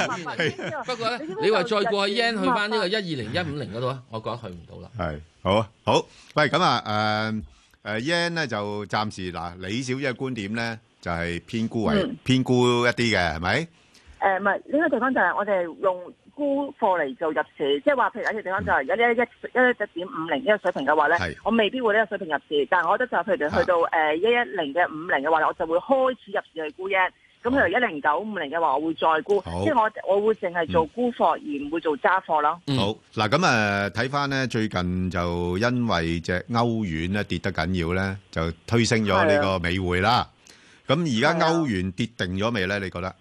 啊，不過咧，你話再過 yen 去翻呢個一二零一五零嗰度咧，我覺得去唔到啦。係，好啊，好，喂咁啊，誒誒 yen 咧就暫時嗱，李小姐嘅觀點咧就係偏沽為偏沽一啲嘅係咪？誒唔係，呢個地方就係我哋用沽貨嚟做入市，即係話，譬如有一隻地方就係一一一一點五零呢個水平嘅話咧，我未必會呢個水平入市，但係我覺得就係譬如我哋去到誒一一零嘅五零嘅話，我就會開始入市去沽一，咁譬如一零九五零嘅話，我會再沽，即係我我會淨係做沽貨而唔會做揸貨咯。好嗱，咁誒睇翻咧，最近就因為隻歐元咧跌得緊要咧，就推升咗呢個美匯啦。咁而家歐元跌定咗未咧？你覺得？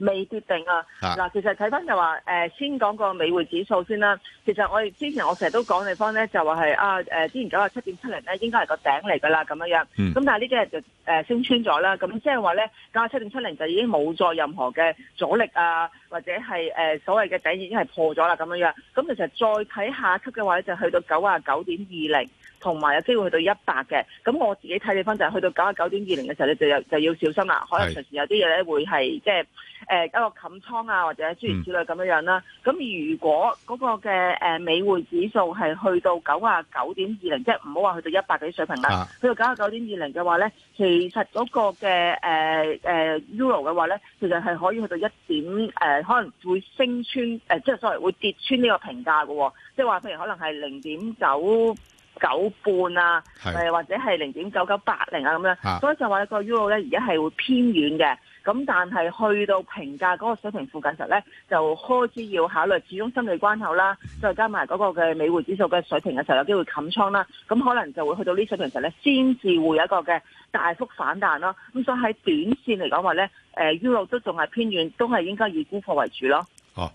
未決定啊！嗱、啊，其實睇返就話，誒、呃、先講個美匯指數先啦。其實我哋之前我成日都講嘅地方咧，就話係啊，誒、呃、之前九十七點七零咧，應該係個頂嚟㗎、嗯呃、啦，咁樣樣。咁但係呢幾日就誒升穿咗啦，咁即係話咧，九十七點七零就已經冇再任何嘅阻力啊，或者係誒、呃、所謂嘅頂已經係破咗啦，咁樣樣。咁其實再睇下級嘅話咧，就去到九十九點二零。同埋有機會去到一百嘅，咁我自己睇你分，就係去到九啊九點二零嘅時候，你就就就要小心啦。是可能隨時有啲嘢咧會係即係誒一個冚倉啊，或者諸如此類咁樣樣啦。咁、嗯、如果嗰個嘅誒美匯指數係去到九啊九點二零，即係唔好話去到一百幾水平啦，啊、去到九啊九點二零嘅話咧，其實嗰個嘅誒誒 Euro 嘅話咧，其實係可以去到一點誒、呃，可能會升穿誒、呃，即係所謂會跌穿呢個平價嘅、哦，即係話譬如可能係零點九。九半啊，的或者係零點九九八零啊咁樣，啊、所以就話咧個 UO 咧而家係會偏遠嘅，咁但係去到平價嗰個水平附近時咧，就開始要考慮始終心理關口啦，再加埋嗰個嘅美匯指數嘅水平嘅時候有機會冚倉啦，咁可能就會去到呢水平時咧，先至會有一個嘅大幅反彈咯。咁所以喺短線嚟講話咧，誒、呃、UO 都仲係偏遠，都係應該以沽貨為主咯。哦，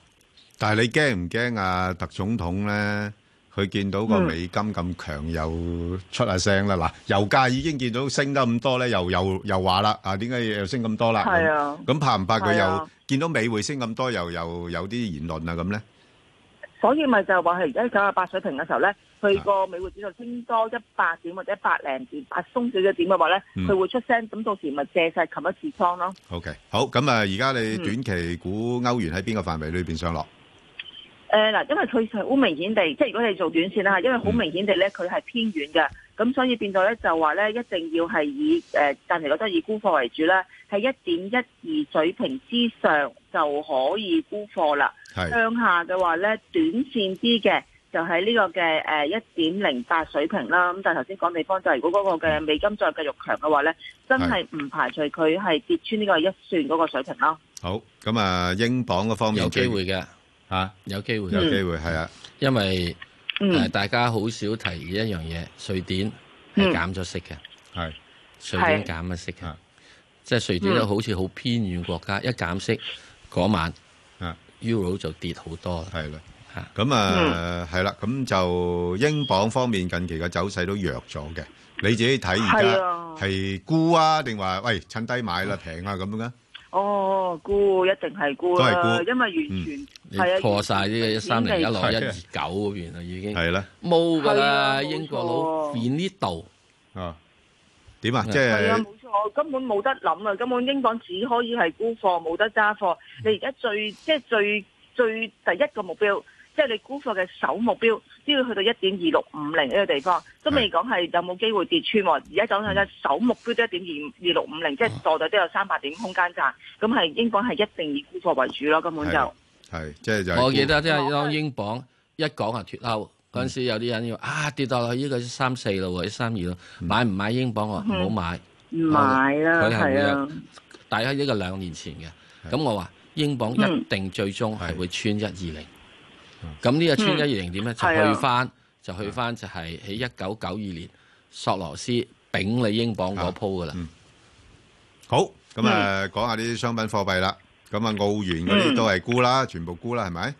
但係你驚唔驚啊？特總統咧？佢見到個美金咁強，又出下聲啦！嗱，油價已經見到升得咁多咧，又又又話啦啊！點解又升咁多啦？咁怕唔怕佢又見到美匯升咁多，又又有啲言論啊咁咧？所以咪就係話係而家九十八水平嘅時候咧，佢個美匯指數升多一百點或者一百零點、八鬆少一點嘅話咧，佢會出聲。咁到時咪借曬冚一次倉咯。OK，好咁啊！而家你短期估歐元喺邊個範圍裏邊上落？誒嗱，因為佢係好明顯地，即係如果你做短線啦，因為好明顯地咧，佢係偏遠嘅，咁所以變到咧就話咧，一定要係以誒近期我哋以沽貨為主啦，喺一點一二水平之上就可以沽貨啦。係是向下嘅話咧，短線啲嘅就喺、是、呢個嘅誒一點零八水平啦。咁但係頭先講地方就係，如果嗰個嘅美金再繼續強嘅話咧，真係唔排除佢係跌穿呢個一線嗰個水平咯。是好，咁啊，英鎊嗰方面有機會嘅。吓，有機會，有機會，係啊，因為誒大家好少提嘅一樣嘢，瑞典係減咗息嘅，係瑞典減咗息嘅，即係瑞典都好似好偏遠國家，一減息嗰晚啊，Euro 就跌好多，係啦，咁啊，係啦，咁就英鎊方面近期嘅走勢都弱咗嘅，你自己睇而家係沽啊，定話喂趁低買啦，平啊咁樣啊？哦，沽一定係沽啦，因為完全破曬啲一三零一六一二九嗰邊啦，原來已經係啦，冇㗎啦，英國佬面呢度啊點啊，即係冇錯，根本冇得諗啊，根本英鎊只可以係沽貨，冇得揸貨。你而家最即係最最第一個目標。即係你估貨嘅首目標都要去到一點二六五零呢個地方，都未講係有冇機會跌穿喎。而家講緊咧首目標都一點二六五零，即係坐底都有三百點空間賺。咁係英鎊係一定以估貨為主咯，根本就係即係就我記得即係當英鎊一講話脫歐嗰陣時，有啲人要啊跌到落去呢個三四咯，啲三二咯，買唔買英鎊啊？我話唔好買，唔買啦，係啊！大家呢個兩年前嘅，咁我話英鎊一定最終係會穿一二零。咁呢個穿一二零點咧，就去翻，就去翻就係喺一九九二年索羅斯丙你英鎊嗰鋪噶啦。好，咁啊講下啲商品貨幣啦。咁啊澳元啲都係沽啦，全部沽啦，係咪？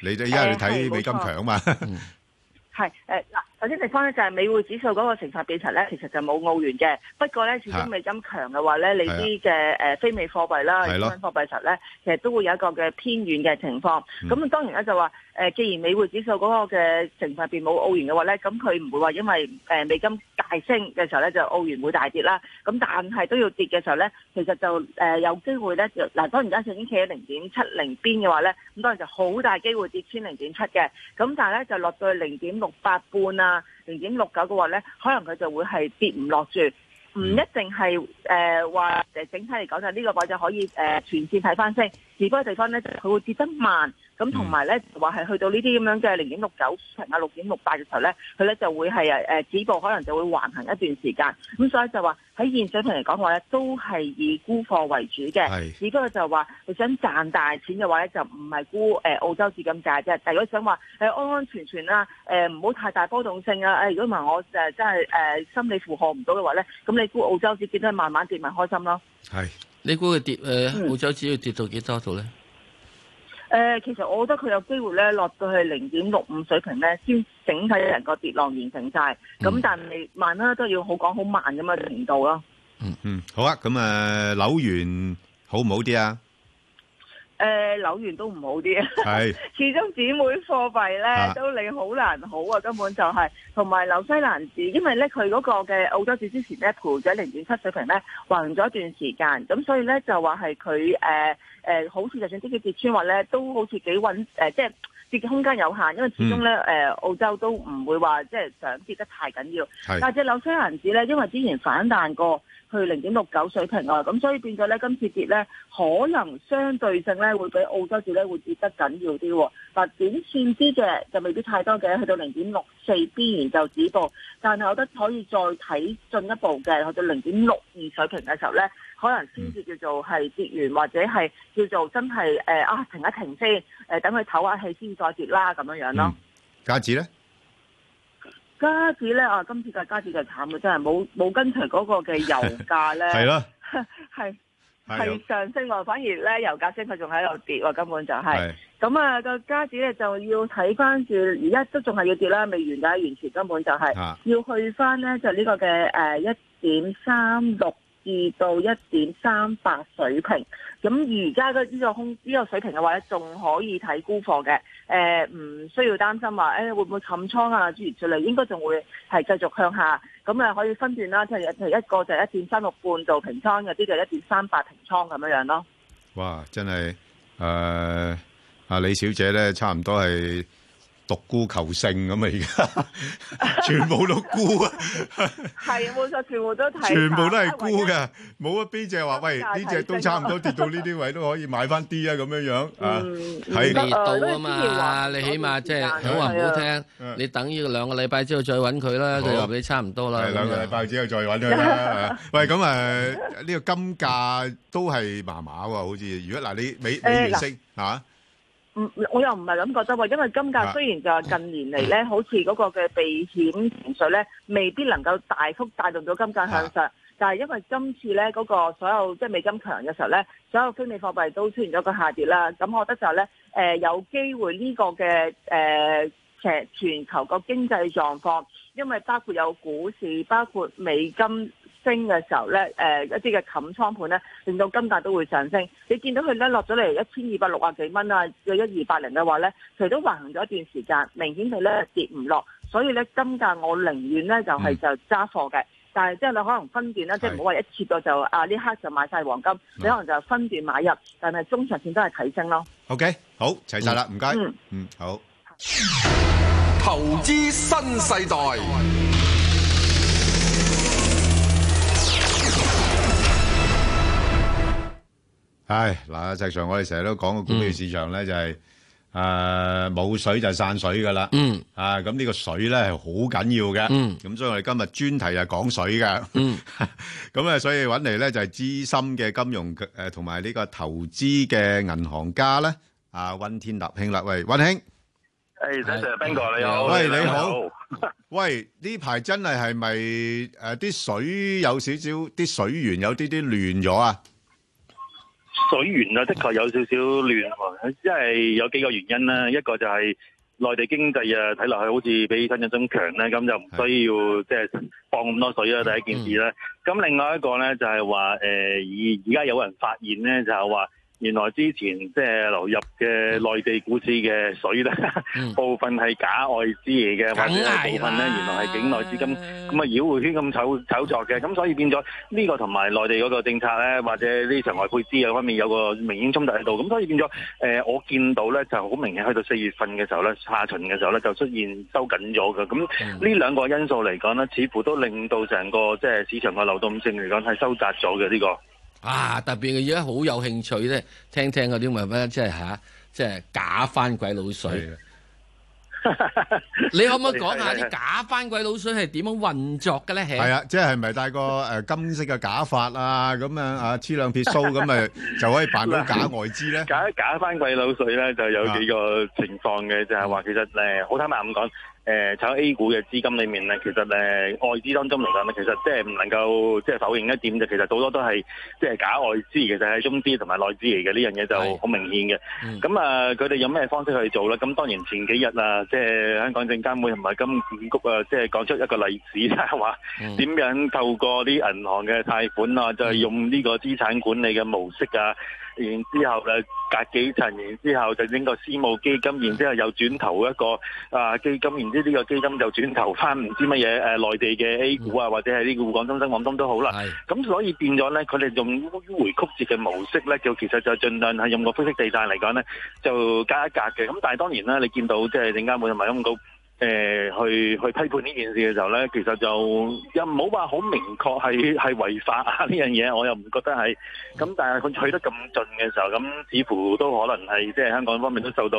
你哋而家去睇美金強嘛？係誒嗱，首先地方咧就係美匯指數嗰個乘法幣實咧，其實就冇澳元嘅。不過咧，始終美金強嘅話咧，你啲嘅誒非美貨幣啦，衍生貨幣實咧，其實都會有一個嘅偏遠嘅情況。咁啊，當然咧就話。誒，既然美匯指數嗰個嘅成分入邊冇澳元嘅話咧，咁佢唔會話因為誒美金大升嘅時候咧，就澳元會大跌啦。咁但係都要跌嘅時候咧，其實就誒有機會咧，嗱，當然而家佢已經企喺零點七零邊嘅話咧，咁當然就好大機會跌穿零點七嘅。咁但係咧就落到去零點六八半啊，零點六九嘅話咧，可能佢就會係跌唔落住，唔一定係誒話誒整體嚟講就呢個位就可以誒全線睇翻升。跌嗰個地方咧，佢會跌得慢，咁同埋咧話係去到呢啲咁樣嘅零點六九啊、六點六八嘅時候咧，佢咧就會係誒、呃、止步，可能就會橫行一段時間。咁所以就話喺現水平嚟講話咧，都係以沽貨為主嘅。只不過是就話你想賺大錢嘅話咧，就唔係沽誒澳洲紙咁價啫。但如果想話係安安全全啦、啊，誒唔好太大波動性啊，誒如果問我誒真係誒、呃、心理負荷唔到嘅話咧，咁你沽澳洲紙見到慢慢跌埋開心咯。係。你估佢跌誒，澳洲只要跌到幾多度咧？誒、嗯，其實我覺得佢有機會咧落到去零點六五水平咧，先整體成個跌浪完成晒。咁、嗯、但係慢啦，都要好講好慢咁嘅程度咯。嗯嗯，好啊，咁、嗯、誒，紐元好唔好啲啊？誒，紐、呃、元都唔好啲，是始終姊妹貨幣咧都你好難好啊，根本就係同埋紐西蘭紙，因為咧佢嗰個嘅澳洲紙之前咧盤喺零點七水平咧橫咗一段時間，咁所以咧就話係佢誒誒，好似就算啲嘅跌穿話，話咧都好似幾穩誒，即係跌嘅空間有限，因為始終咧誒澳洲都唔會話即係想跌得太緊要，是但係隻紐西蘭紙咧，因為之前反彈過。去零點六九水平啊，咁所以變咗咧，今次跌咧可能相對性咧會比澳洲跌咧會跌得緊要啲喎。嗱，短線之嘅就未必太多嘅，去到零點六四必然就止步，但係我覺得可以再睇進一步嘅，去到零點六二水平嘅時候咧，可能先至叫做係跌完或者係叫做真係誒啊停一停先，誒等佢唞下氣先再跌啦咁樣樣咯。假設咧？加紙咧啊，今次嘅加紙就慘嘅真係，冇冇跟隨嗰個嘅油價咧，係咯， 係係上升喎，反而咧油價升，佢仲喺度跌喎、啊，根本就係、是。咁 啊，個加紙咧就要睇翻住，而家都仲係要跌啦，未完噶，完全根本就係、是、 要去翻咧，就呢個嘅誒一點三六。呃二到一點三八水平，咁而家呢個空呢個水平嘅話咧，仲可以睇沽貨嘅，誒、呃、唔需要擔心話，誒、欸、會唔會冚倉啊？諸如之類，應該仲會係繼續向下，咁啊可以分段啦，即係譬如一個就係一點三六半度平倉有啲，一就一點三八平倉咁樣樣咯。哇！真係，誒、呃、啊李小姐咧，差唔多係。獨孤求勝咁啊！而家全部都沽啊，係冇錯，全部都睇，全部都係沽嘅，冇一邊隻話喂，呢隻都差唔多跌到呢啲位都可以買返啲啊！咁樣樣啊，睇得到啊嘛！你起碼即係好話唔好聽，你等呢兩個禮拜之後再揾佢啦，佢話畀你差唔多啦。兩個禮拜之後再揾佢啦。喂，咁誒呢個金價都係麻麻喎，好似如果嗱你美美元升嚇？我又唔係咁覺得，因為金價雖然就係近年嚟咧，好似嗰個嘅避險情緒咧，未必能夠大幅帶動到金價向上，但係因為今次呢，嗰、嗰個所有即係美金強嘅時候呢，所有非美貨幣都出現咗個下跌啦，咁我覺得就係呢誒、呃、有機會呢個嘅誒、呃、全球個經濟狀況。因為包括有股市，包括美金升嘅時候咧，誒、呃、一啲嘅冚倉盤咧，令到金價都會上升。你見到佢咧落咗嚟一千二百六啊幾蚊啊，約一二百零嘅話咧，除咗都橫行咗一段時間，明顯佢咧跌唔落，所以咧金價我寧願咧就係、是、就揸貨嘅。嗯、但係即係你可能分段咧，是即係唔好話一跌到就啊呢刻就買晒黃金，嗯、你可能就分段買入，但係中長線都係睇升咯。OK，好，齊晒啦，唔該，嗯，好、嗯。嗯投資新世代，係嗱，實際上我哋成日都講個股票市場咧，就係誒冇水就係散水噶啦。嗯啊，咁呢個水咧係好緊要嘅。嗯，咁所以我哋今日專題就講水嘅。嗯，咁啊，所以搵嚟咧就係資深嘅金融誒同埋呢個投資嘅銀行家咧啊，溫天立兄啦，喂，溫兄。誒，呢隻係邊個嚟？你好，你好，喂，呢排真係係咪，誒，啲水有少少，啲水源有啲啲亂咗啊？水源啊，的確有少少亂，因為有幾個原因啦。一個就係內地經濟啊，睇落去好似比深圳中強咧，咁就唔需要即係放咁多水啦。第一件事啦，咁另外一個咧就係話，誒，而而家有人發現咧，就係話。原來之前即係流入嘅內地股市嘅水咧，部分係假外資嚟嘅，或者係部分咧原來係境內資金咁啊繞回圈咁炒炒作嘅，咁所以變咗呢個同埋內地嗰個政策咧，或者呢場外配資嘅方面有個明顯衝突喺度，咁所以變咗誒、呃，我見到咧就好明顯，去到四月份嘅時候咧，下旬嘅時候咧就出現收緊咗嘅，咁呢兩個因素嚟講咧，似乎都令到成個即係市場嘅流動性嚟講係收窄咗嘅呢個。啊！特別嘅而家好有興趣咧，聽聽嗰啲乜乜即係嚇，即係假翻鬼佬水嘅。你可唔可以講下啲假翻鬼佬水係點樣運作嘅咧？係啊，即係係咪戴個誒金色嘅假髮啊？咁啊啊，黐兩撇須咁啊，就可以扮到假外資咧？假假翻鬼佬水咧就有幾個情況嘅，就係話其實誒好坦白咁講。誒炒 A 股嘅資金裏面咧，其實誒、呃、外資當中嚟講咧，其實即係唔能夠即係、就是、否認一點就其實好多都係即係假外資其實係中資同埋內資嚟嘅，呢樣嘢就好明顯嘅。咁啊是，佢哋、呃、有咩方式去做咧？咁當然前幾日啊，即、就、係、是、香港證監會同埋金管局啊，即、就、係、是、講出一個例子啦，話、啊、點是樣透過啲銀行嘅貸款啊，就係、是、用呢個資產管理嘅模式啊。嗯嗯。然之後咧隔幾層，然之後就整個私募基金，然之後又轉投一個啊、呃、基金，然之後呢個基金就轉投翻唔知乜嘢誒內地嘅 A 股啊，或者係呢個滬港通、深港通都好啦。咁是所以變咗咧，佢哋用迂迴曲折嘅模式咧，就其實就儘量係用個灰色地帶嚟講咧，就隔一隔嘅。咁但係當然啦，你見到即係點解冇咁埋咁高。誒、呃，去去批判呢件事嘅時候咧，其實就又唔好話好明確係係違法啊呢樣嘢，我又唔覺得係。咁但係佢取得咁盡嘅時候，咁似乎都可能係即係香港方面都受到，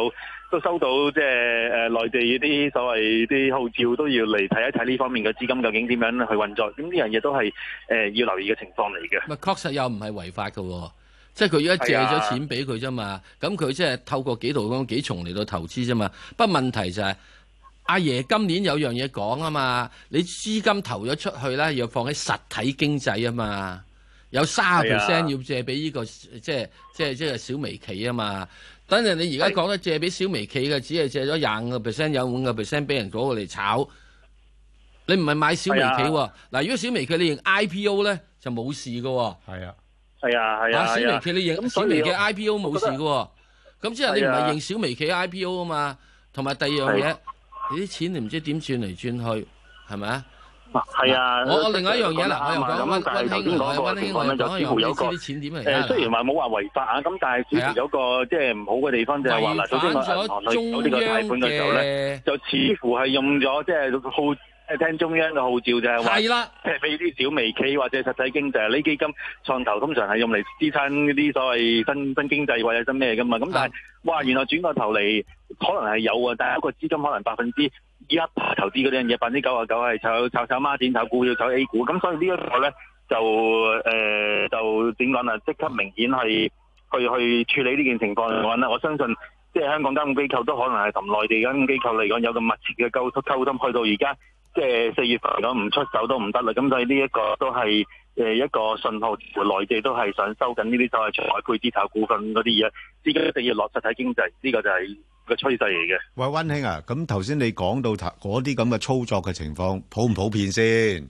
都收到即係誒、呃、內地啲所謂啲號召，都要嚟睇一睇呢方面嘅資金究竟點樣去運作。咁呢樣嘢都係誒、呃、要留意嘅情況嚟嘅。咪確實又唔係違法嘅，哦，即係佢而家借咗錢俾佢啫嘛。咁佢即係透過幾途咁幾重嚟到投資啫嘛。不過問題就係，是。阿爺今年有樣嘢講啊嘛，你資金投咗出去咧，要放喺實體經濟啊嘛，有三十 percent 要借俾呢個即係即係即係小微企啊嘛。等陣你而家講得借俾小微企嘅，只係借咗廿五個 percent，有五個 percent 俾人攞嚟炒。你唔係買小微企喎，嗱，如果小微企你認 IPO 咧，就冇事嘅喎。係啊，係啊，係啊，小微企你認咁小微企 IPO 冇事嘅喎。咁即係你唔係認小微企 IPO 啊嘛，同埋第二樣嘢。啲錢你唔知點轉嚟轉去，係咪啊？係啊，我我另外一樣嘢啦，我又講温温興，我又温興，我又講楊有思啲錢點嚟？誒，雖然話冇話違法啊，咁但係似乎有個即係唔好嘅地方就係話嗱，首先我講佢有呢個貸款嘅時候咧，就似乎係用咗即係好。聽中央嘅號召就係，係啦，即係俾啲小微企或者實體經濟啊，呢基金創投通常係用嚟支撐嗰啲所謂新新經濟或者新咩嘅嘛。咁但係，的哇，原來轉過頭嚟，可能係有啊，但係一個資金可能百分之一投資嗰啲嘢，百分之九啊九係炒炒炒孖展、炒股要炒 A 股。咁所以呢一個咧就誒、呃、就點講啊？即刻明顯係去去，去處理呢件情況嚟講啦。我相信即係香港監管機構都可能係同內地監管機構嚟講有咁密切嘅溝溝通去到而家。即係四月份咁唔出手都唔得啦，咁所以呢一個都係誒、呃、一個信號，內地都係想收緊呢啲就係場外配資、炒股份嗰啲嘢，資金一定要落實體經濟，呢、這個就係個趨勢嚟嘅。喂，溫馨啊，咁頭先你講到嗰啲咁嘅操作嘅情況，普唔普遍先？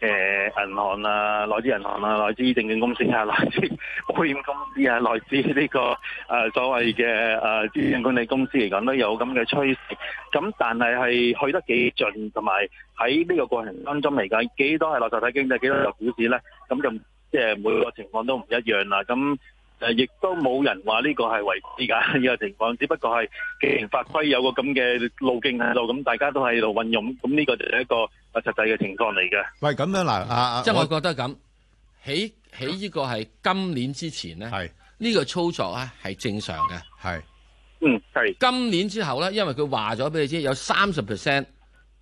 誒、呃、銀行啊，內資銀行啊，內資證券公司啊，內資保險公司啊，內資呢、這個誒、呃、所謂嘅誒、呃、資源管理公司嚟講都有咁嘅趨勢，咁但係係去得幾盡，同埋喺呢個過程當中嚟講，幾多係落實體經濟，幾多又股市咧？咁就即係每個情況都唔一樣啦。咁誒，亦都冇人話呢個係違規噶呢個情況，只不過係既然法規有個咁嘅路徑喺度，咁大家都喺度運用，咁呢個就係一個啊實際嘅情況嚟嘅。喂，咁樣嗱，啊，即係我覺得咁，喺喺呢個係今年之前呢，係呢是個操作啊係正常嘅，係是，嗯，係。今年之後咧，因為佢話咗俾你知，有三十 percent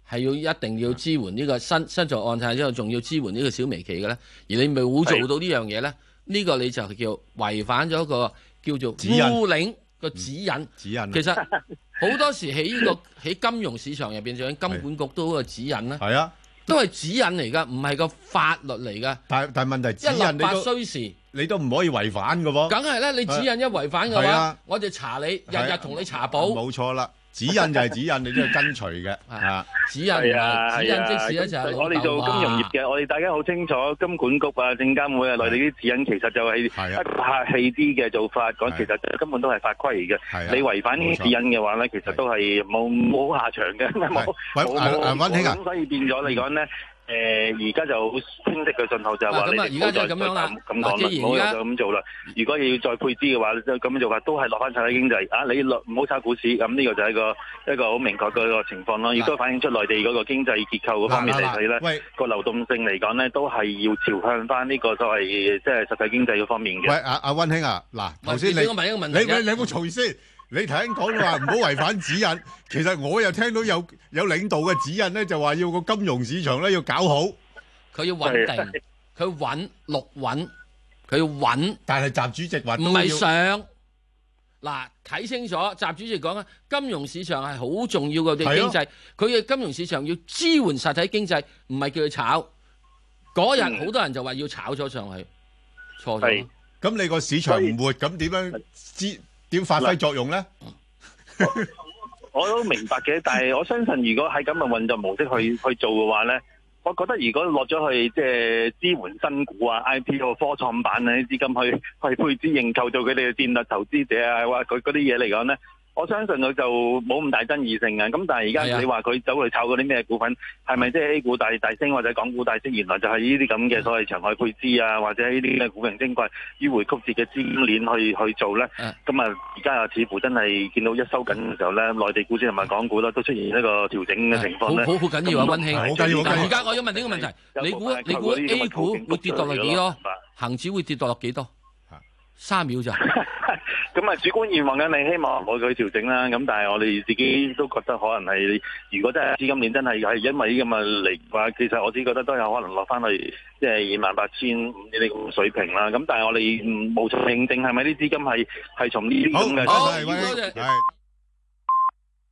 係要一定要支援呢、這個新新造按揭，之後仲要支援呢個小微企業嘅咧，而你咪冇做到呢樣嘢咧。呢個你就叫違反咗個叫做顧領個指引，的指引其實好多時喺呢個喺金融市場入邊，就算金管局都有個指引啦，係啊，都係指引嚟噶，唔係個法律嚟噶。但但問題指引你都一律法須時，你都唔可以違反嘅喎。梗係啦，你指引一違反嘅話，的我就查你，日日同你查簿。冇、嗯嗯、錯啦。指引就係指引，你都要跟隨嘅嚇。指引係啊，指引就係，我哋做金融業嘅，我哋大家好清楚，金管局啊、證監會啊、內地啲指引其實就係客氣啲嘅做法，講其實根本都係法規嚟嘅。你違反啲指引嘅話咧，其實都係冇冇下場嘅，冇冇。所以變咗嚟講咧。誒而家就好清晰嘅訊號就係話你唔好再咁咁講啦，唔好再咁做啦。如果又要再配資嘅話，咁樣做法都係落翻實體經濟啊！你落唔好炒股市，咁呢個就係一個一個好明確嘅一個情況咯。亦都反映出內地嗰個經濟結構嗰方面嚟睇咧，個、啊啊啊、流動性嚟講咧，都係要朝向翻呢個所謂即係實體經濟嗰方面嘅。喂，阿阿溫兄啊，嗱、啊，頭、啊、先你你你有冇嘈先？你聽講話唔好違反指引，其實我又聽到有有領導嘅指引咧，就話要個金融市場咧要搞好。佢要穩定，佢要穩，六穩，佢要穩。但係習主席話唔係想嗱睇要清楚，習主席講咧，金融市場係好重要嘅經濟，佢嘅、啊、金融市場要支援實體經濟，唔係叫佢炒。嗰日好多人就話要炒咗上去，錯咗。咁、嗯、你個市場唔活，咁點樣支？點發揮作用咧 ，我都明白嘅。但係我相信，如果喺咁嘅運作模式去去做嘅話咧，我覺得如果落咗去即係支援新股啊、IP 啊、科創板啊啲資金去去配置認購，做佢哋嘅戰略投資者啊，或佢嗰啲嘢嚟講咧。我相信佢就冇咁大爭議性嘅，咁但係而家你話佢走去炒嗰啲咩股份，係咪即係 A 股大大升或者港股大升？原來就係呢啲咁嘅，所謂場外配資啊，或者呢啲咩古靈精怪迂迴曲折嘅資金鏈去去做咧。咁啊，而家又似乎真係見到一收緊嘅時候咧，內地股市同埋港股咧都出現一個調整嘅情況咧。好好緊要啊，好緊要。但係而家我要問呢一個問題：你估你估 A 股會跌到落幾多？恆指會跌到落幾多？三秒就，咁啊 主觀願望嘅，你希望調我佢調整啦。咁但係我哋自己都覺得可能係，如果真係資金鏈真係係因為咁啊力話，其實我自己覺得都有可能落翻去即係二萬八千五呢啲水平啦。咁但係我哋無從認定係咪啲資金係係從呢邊嘅？好，好多謝。